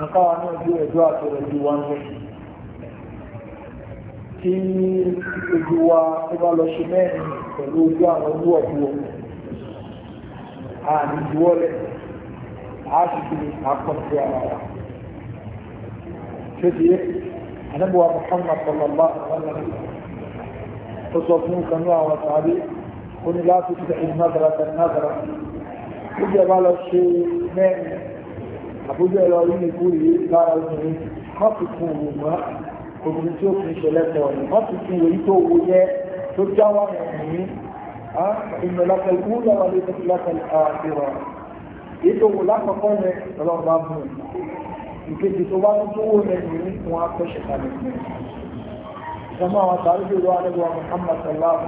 nǹkan wa náà bí ẹjọ́ àtọ̀rọ̀ ju wa ní tí ojú wa tó bá lọ ṣe mẹ́rin pẹ̀lú ojú àwọn ojú ọ̀dúwọ̀ àmì ìdíwọ́lẹ̀ àṣìṣe àkọsí ara wa ṣé ti yé anábọ̀wá Muhammad sallallahu alaihi wa sallam ó sọ fún kanú àwọn sàárè ó ní láti ṣe ìnáfẹ́ra tẹ̀ náfẹ́ra ó jẹ́ bá lọ ṣe mẹ́rin àbójú ẹ̀rọ orí ni kúrò yìí lára obìnrin wọ́n fi kún òun mọ́ obìnrin tí ó fi ṣẹlẹ̀ tọ̀ ni wọ́n fi kún èyí tó wo yẹ tó já wà nìyí ìmọ̀ lọ́kẹ̀ ìkú lọ́wọ́ lé ní lọ́kẹ̀ àfihàn èyí tó wò lákọ̀ọ́kọ́ yẹn lọ́wọ́ bá mú ìkejì tó bá tún wò yẹn nìyí wọn á kalẹ̀ ìjọba àwọn sáré bí wọ́n á lọ́wọ́ Muhammad sallallahu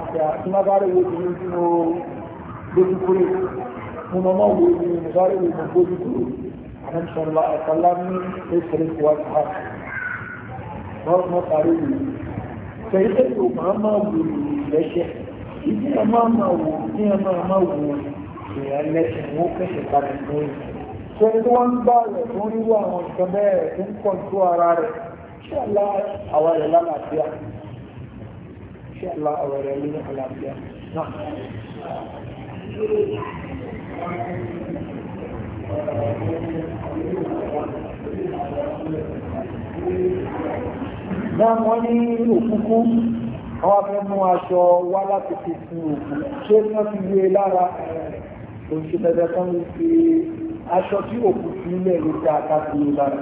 alaihi wa ان شاء الله اكلمني اترك وجهك برضه طريقي فإذا ماما ويشح إذا ماما وإذا ماما ويشح وكشف عن النوم ṣẹ́ni wọ́n ń bá rẹ̀ tó ń wọ àwọn nǹkan bẹ́ẹ̀ tó ń pọ̀ tó ara rẹ̀ ṣẹ́lá àwọn rẹ̀ lálàáfíà ṣẹ́lá àwọn rẹ̀ ní àlàáfíà náà náà wọ́n ní òkúkú àwọn afẹ́ mú aṣọ wá láti fi fi òkú ṣé wọ́n ti gbé e lára òṣìṣẹ́ kan ní fi aṣọ tí òkú fi ilẹ̀ ló dá káàkiri lára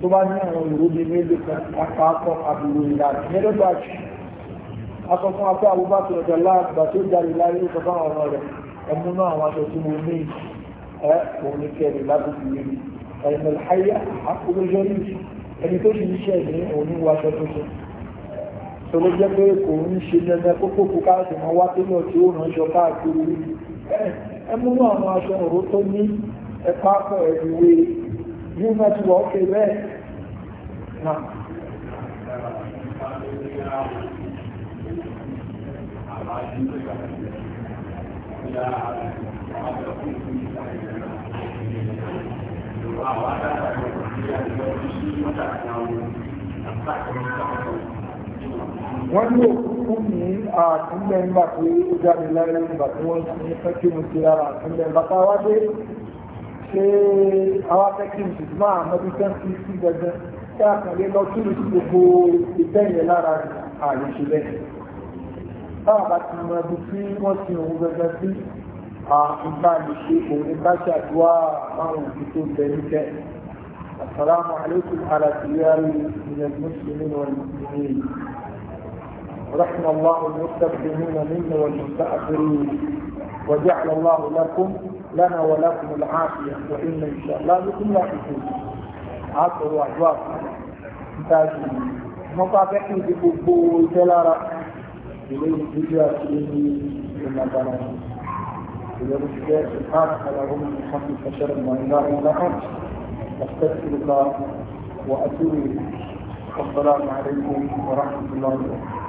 tó bá ní àwọn ìròbí mélòó kan àpapọ̀ àbúrò ìlànà mẹ́rẹ́bàjì aṣọ fún afẹ́ àbúbá tó ọjà ẹ òun ni kẹrì lábùkù yìí ẹ̀yìn ìlhàyà àkójọ yìí ẹni tó ṣe iṣẹ́ ní òun ní wàṣọ tuntun tó ló jẹ́ pé kò ń ṣe dandan kókó kó káàkiri wọn wá pínlẹ̀ tí ó ránṣọ káàkiri ẹ múnú àwọn aṣọ òró tó ní ẹ̀pá pọ̀ ẹ̀dùwé yóò máa ti wà ókè bẹ́ẹ̀ náà. Thank wọ́n ní òkú ní àtúnlẹ̀ ńgbà tí ó jáde láyé nígbà tí wọ́n ní fẹ́kí mu sí ara àtúnlẹ̀ ńgbà tá a wá dé ṣé àwa fẹ́kí mu sí máa mọ́tí sẹ́ńtì sí gbẹgbẹ́ tí a kàn lé lọ sí gbogbo ìtẹ́yẹ lára àlùsílẹ̀. báwa bá ti mọ ibi tí wọ́n ti òun gbẹgbẹ́ sí السلام عليكم على ديار من المسلمين والمسلمين رحم الله المستقدمين منا والمستأخرين وجعل الله لكم لنا ولكم العافية وإنا إن شاء الله بكم لاحقون عصر وأحباب تاجي مطابقين بقبول جلارة إليه الهجرة إليه وبالذات الحق رغم من حمدك شر ما اله الا انت استغفرك واتوب اليك والسلام عليكم ورحمه الله وبركاته